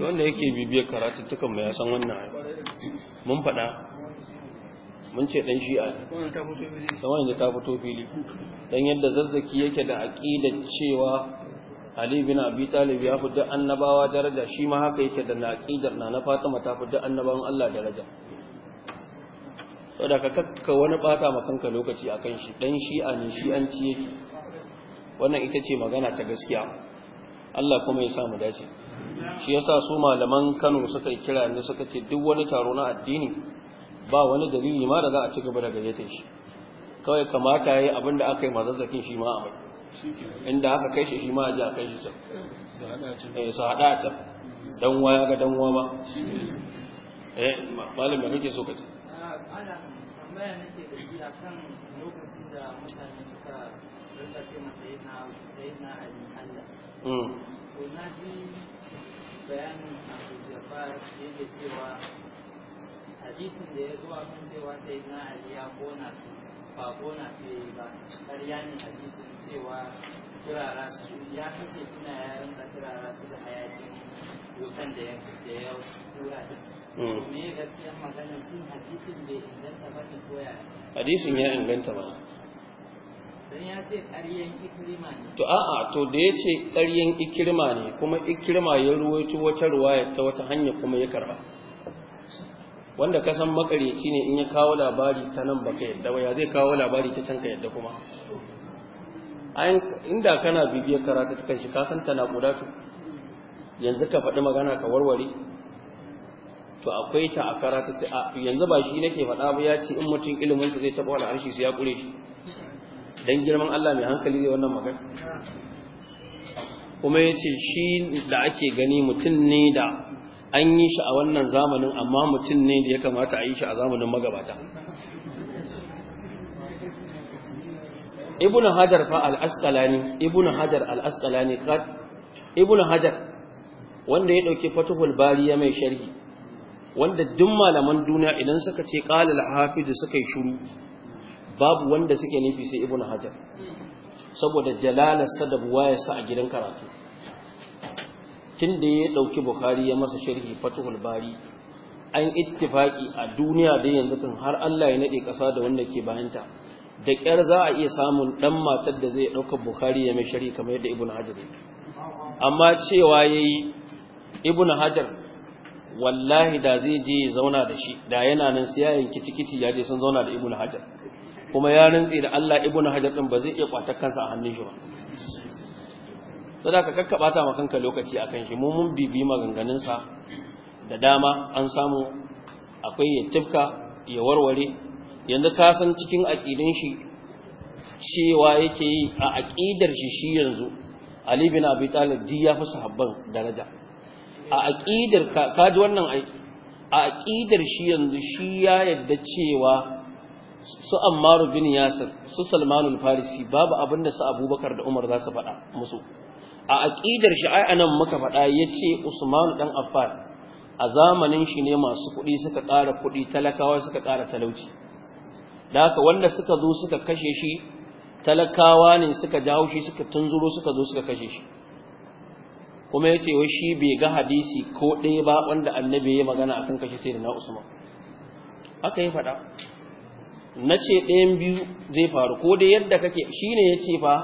wanda yake bibiyar tukan mai yasan wannan mun faɗa mun ce ɗan shi'a ne kamar ta fito fili Dan yadda zazzaki yake da aqidar cewa ali bin abi talib ya fi annabawa daraja shi ma haka yake da na aƙidar na na fatima ta fi annabawan allah daraja saboda ka kakka wani bata makanka lokaci akan shi ɗan shi'a ne shi'anci yake wannan ita ce magana ta gaskiya allah kuma ya sa mu dace shi yasa su malaman Kano suka yi kira ne suka ce duk wani taro na addini ba wani dalili ma da za a ci gaba da gayyata shi kawai kamata yayi abin da aka yi mazazzakin shi ma a mai inda aka kai shi shi ma a kai shi can eh su hada a can dan waya ga dan wa ma eh malam me kake so ka ce ana ah, tambaya nake da shi akan lokacin da mutane suka rinka masa yana sayyidina Allah hmm. bayanin abu jafar cewa hadisin da ya zo a kan cewa yi na ya su ba su ba ne hadisin cewa turara su ya kashe suna yaran ka turara su da hayakin wutan da ya tura hmm. me gaskiyar hadisin bai inganta ba ne hadisin ya inganta ba to a'a to da ya ce ƙaryen ikirma ne kuma ikirma ya ruwaito wata ruwaya ta wata hanya kuma ya karba wanda ka san makareci ne in ya kawo labari ta nan baka yadda ba ya zai kawo labari ta can ka yadda kuma inda kana bibiyar karatu ta kanshi kasan ta na kudatu yanzu ka faɗi magana ka warware to akwai ta a karatu yanzu ba shi nake faɗa ba ya ce in mutum ilimin zai taɓa wani harshe su ya ƙure shi dan girman Allah mai hankali zai wannan magana kuma ya ce shi da ake gani mutum ne da an yi shi a wannan zamanin amma mutum ne da ya kamata a yi shi a zamanin magabata ibn hajar fa al-asqalani ibn hajar al-asqalani ibn hajar wanda ya dauke fatuhul bari ya mai sharhi wanda duk malaman duniya idan suka ce qala al-hafiz suka yi shiru babu wanda suke nufi sai ibn hajar saboda jalalarsa da sa a gidan karatu tun da ya ɗauki bukari ya masa sharhi fatuhul bari an ittifaki a duniya da yanzu tun har Allah ya nade kasa da wanda ke bayanta da ƙyar za a iya samun ɗan matar da zai ɗaukar bukari ya mai sharhi kamar yadda ibn hajar yake amma cewa yayi ibn hajar wallahi da zai je ya zauna da shi da yana nan sai ya yanki tikiti ya je sun zauna da ibn hajar kuma ya rantse da Allah ibn hajar din ba zai iya kwata kansa a hannun shi ba saboda ka kakkaba ta makanka lokaci akan shi mu mun bibi maganganun sa da dama an samu akwai ya tifka ya warware yanzu ka san cikin aqidin shi cewa yake yi a aqidar shi shi yanzu Ali bin Abi Talib ji ya fi sahabban daraja a aqidar ka ji wannan aiki a aqidar shi yanzu shi ya yadda cewa su Ammaru bin Yasir su Salmanul Farisi babu abin da su Abubakar da Umar za su faɗa musu a aqidar shi ai anan muka faɗa yace Usman dan affar a zamanin shi ne masu kuɗi suka ƙara kuɗi talakawa suka ƙara talauci da haka wanda suka zo suka kashe shi talakawa ne suka jawo shi suka tunzuro suka zo suka kashe shi kuma yace wai shi bai ga hadisi ko ɗaya ba wanda annabi ya magana akan kashe sai na Usman Aka yi faɗa na ce ɗayan biyu zai faru ko dai yadda kake shi ne ya ce fa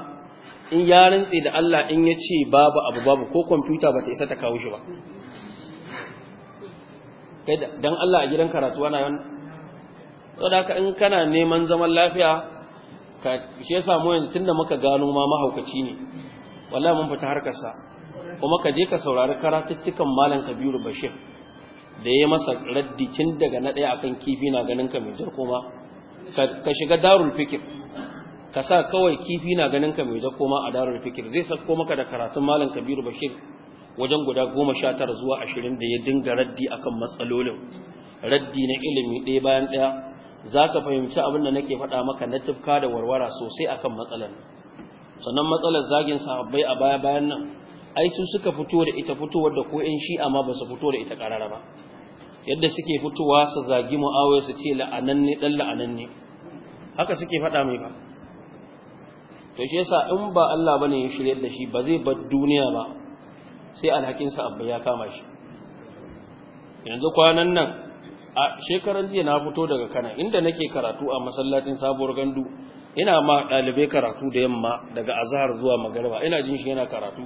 in ya rantse da Allah in ya ce babu abu babu ko kwamfuta ba ta isa ta kawo shi ba don Allah a gidan karatu ana yawan ka in kana neman zaman lafiya ka shi ya samu yanzu tun da muka gano ma mahaukaci ne wallah mun fita harkarsa kuma ka je ka saurari karatuttukan malam Kabiru Bashir da ya masa raddi daga na ɗaya akan kifi na ganin ka mai jarkoma ka shiga darul fikir ka sa kawai kifi na ganin ka mai da koma a darul fikir zai sako maka da karatun malam kabiru bashir wajen guda goma sha tara zuwa ashirin da ya dinga raddi akan matsalolin raddi na ilimi ɗaya bayan ɗaya za ka fahimci abin da nake faɗa maka na tufka da warwara sosai akan matsalar sannan matsalar zagin sahabbai a baya bayan nan ai su suka fito da ita fitowar da ko in shi amma ba su fito da ita ƙarara ba yadda suke fitowa su zagi mu'awiyar su ce la'ananne dan la'ananne haka suke faɗa mai ba to shi yasa in ba Allah bane ya shirye da shi ba zai bar duniya ba sai alhakin sa abba ya kama shi yanzu kwanan nan a shekaran jiya na fito daga Kana inda nake karatu a masallacin sabuwar gandu ina ma dalibai karatu da yamma daga azhar zuwa magariba ina jin shi yana karatu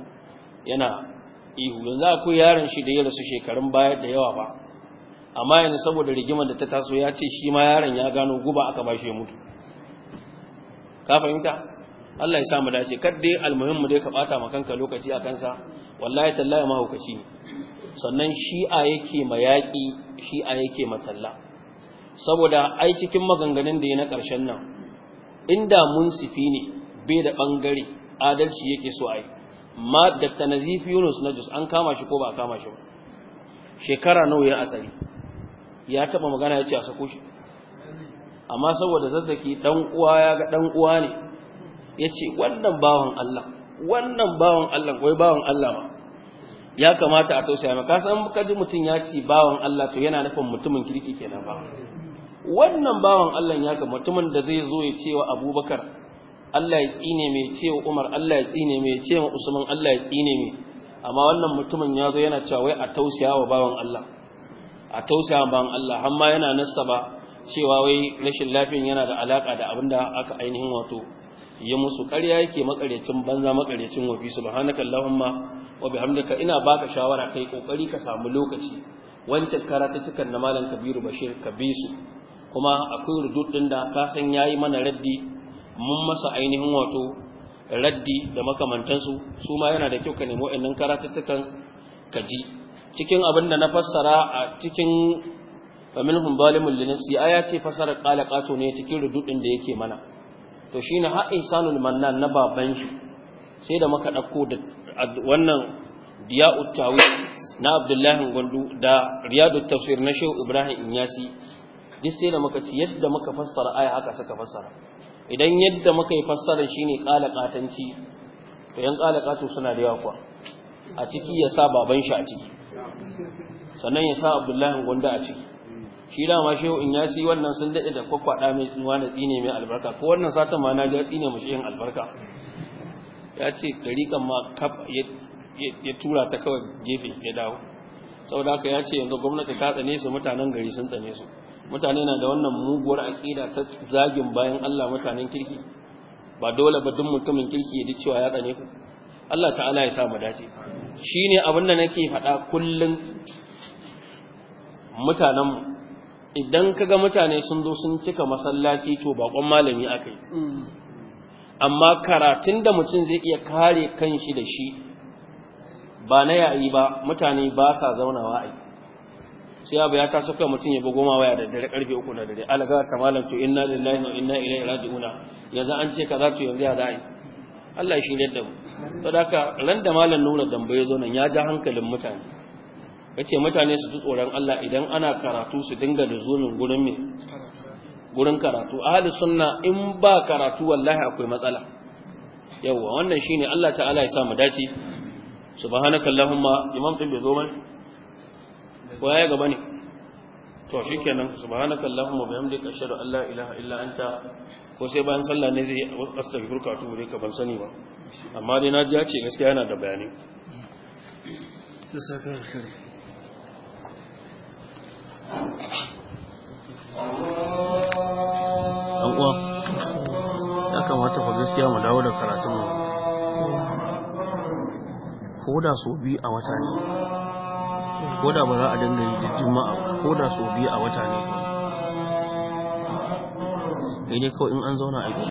yana ihu yanzu akwai yaron shi da ya rasu shekarun baya da yawa ba amma yanzu saboda rigimar da ta taso ya ce shi ma yaron ya gano guba aka ba shi ya mutu ka fahimta Allah ya samu dace kar dai mu dai ka bata ma kanka lokaci a kansa wallahi tallahi mahaukaci ne sannan shi'a yake ma yaƙi shi'a yake ma talla saboda ai cikin maganganun da ya na karshen nan inda mun sifi ne bai da bangare adalci yake so ai ma Dr. Nazif Yunus Najus an kama shi ko ba kama shi ba shekara nawa ya asali ya taba magana ya ce a sako shi amma saboda zazzaki dan uwa ya ga dan uwa ne ya ce wannan bawan Allah wannan bawan Allah wai bawan Allah ma ya kamata a tausaya ma ka san kaji mutum ya ce bawan Allah to yana nufin mutumin kirki kenan ba wannan bawan Allah ya ga mutumin da zai zo ya ce wa Abubakar Allah ya tsine mai ce wa Umar Allah ya tsine mai ce wa Usman Allah ya tsine mai amma wannan mutumin ya zo yana cewa wai a tausaya wa bawan Allah a tausaya ban Allah amma yana nasaba cewa wai rashin lafiyan yana da alaka da abin da aka ainihin wato yi musu ƙarya yake makarecin banza makarecin wafi subhanaka allahumma wa bihamdika ina baka shawara kai kokari ka samu lokaci wancan karatutukan na malam kabiru bashir kabisu kuma akwai rudud din da ka san yayi mana raddi mun masa ainihin wato raddi da makamantansu su ma yana da kyau ka nemi wa'annan karatutukan ka ji cikin abin da na fassara a cikin faminhum zalimul a ya ce fassara kala kato ne cikin rududin da yake mana to shi shine haɗin sanul mannan na baban shi sai da maka dauko da wannan diya Utawi na abdullahi Gwandu da Riyadu tafsir na shehu ibrahim inyasi duk sai da muka ci yadda muka fassara aya haka suka fassara idan yadda muka yi fassara shine kala katanci to yan kala kato suna da yawa kuwa a ciki ya sa baban shi a ciki sannan ya sa abdullahi gwanda a ciki shi dama shehu in ya si wannan sun daɗe da kwakwada mai tsinuwa na tsine mai albarka ko wannan sata ma na ji tsine mashi yin albarka ya ce kan ma ya tura ta kawai gefe ya dawo saboda haka ya ce yanzu gwamnati ta tsane su mutanen gari sun tsane su mutane na da wannan muguwar aƙida ta zagin bayan Allah mutanen kirki ba dole ba duk mutumin kirki ya ji cewa ya tsane ku Allah ta'ala ya sa mu dace ne abin da nake faɗa kullum mutanenmu idan kaga mutane sun zo sun cika masallaci to bakon malami aka yi, mm. amma karatun da mutum zai iya kare kanshi da shi ba na yayi ba mutane ba sa zaunawa wa'ai. sai abu ya taso kai mutum ya bi goma waya da dare karfe uku na dare alaga ta malam to inna lillahi wa inna ilaihi raji'una yanzu an ce kaza to yanzu ya da'i Allah shi ne da mu sadaka ran da malam nura dambe ya zo nan ya ja hankalin mutane yace mutane su ji tsoron Allah idan ana karatu su dinga da zumin gurin me gurin karatu ahli sunna in ba karatu wallahi akwai matsala yawa wannan shine Allah ta'ala ya sa mu dace subhanakallahumma imam din bai zo mai waye gaba ne to shikenan subhanaka allahumma bihamdika ashhadu an la ilaha illa anta ko sai bayan sallah ne zai astaghfiruka wa atubu ilayka ban sani ba amma dai na ji ce gaskiya yana da bayani an uwa ya kamata ku gaskiya mu dawo da karatun mu ko da so bi a wata ne ko da ba za a dinga yi juma'a ko da sau biyu a wata ne ne kawai in an zauna a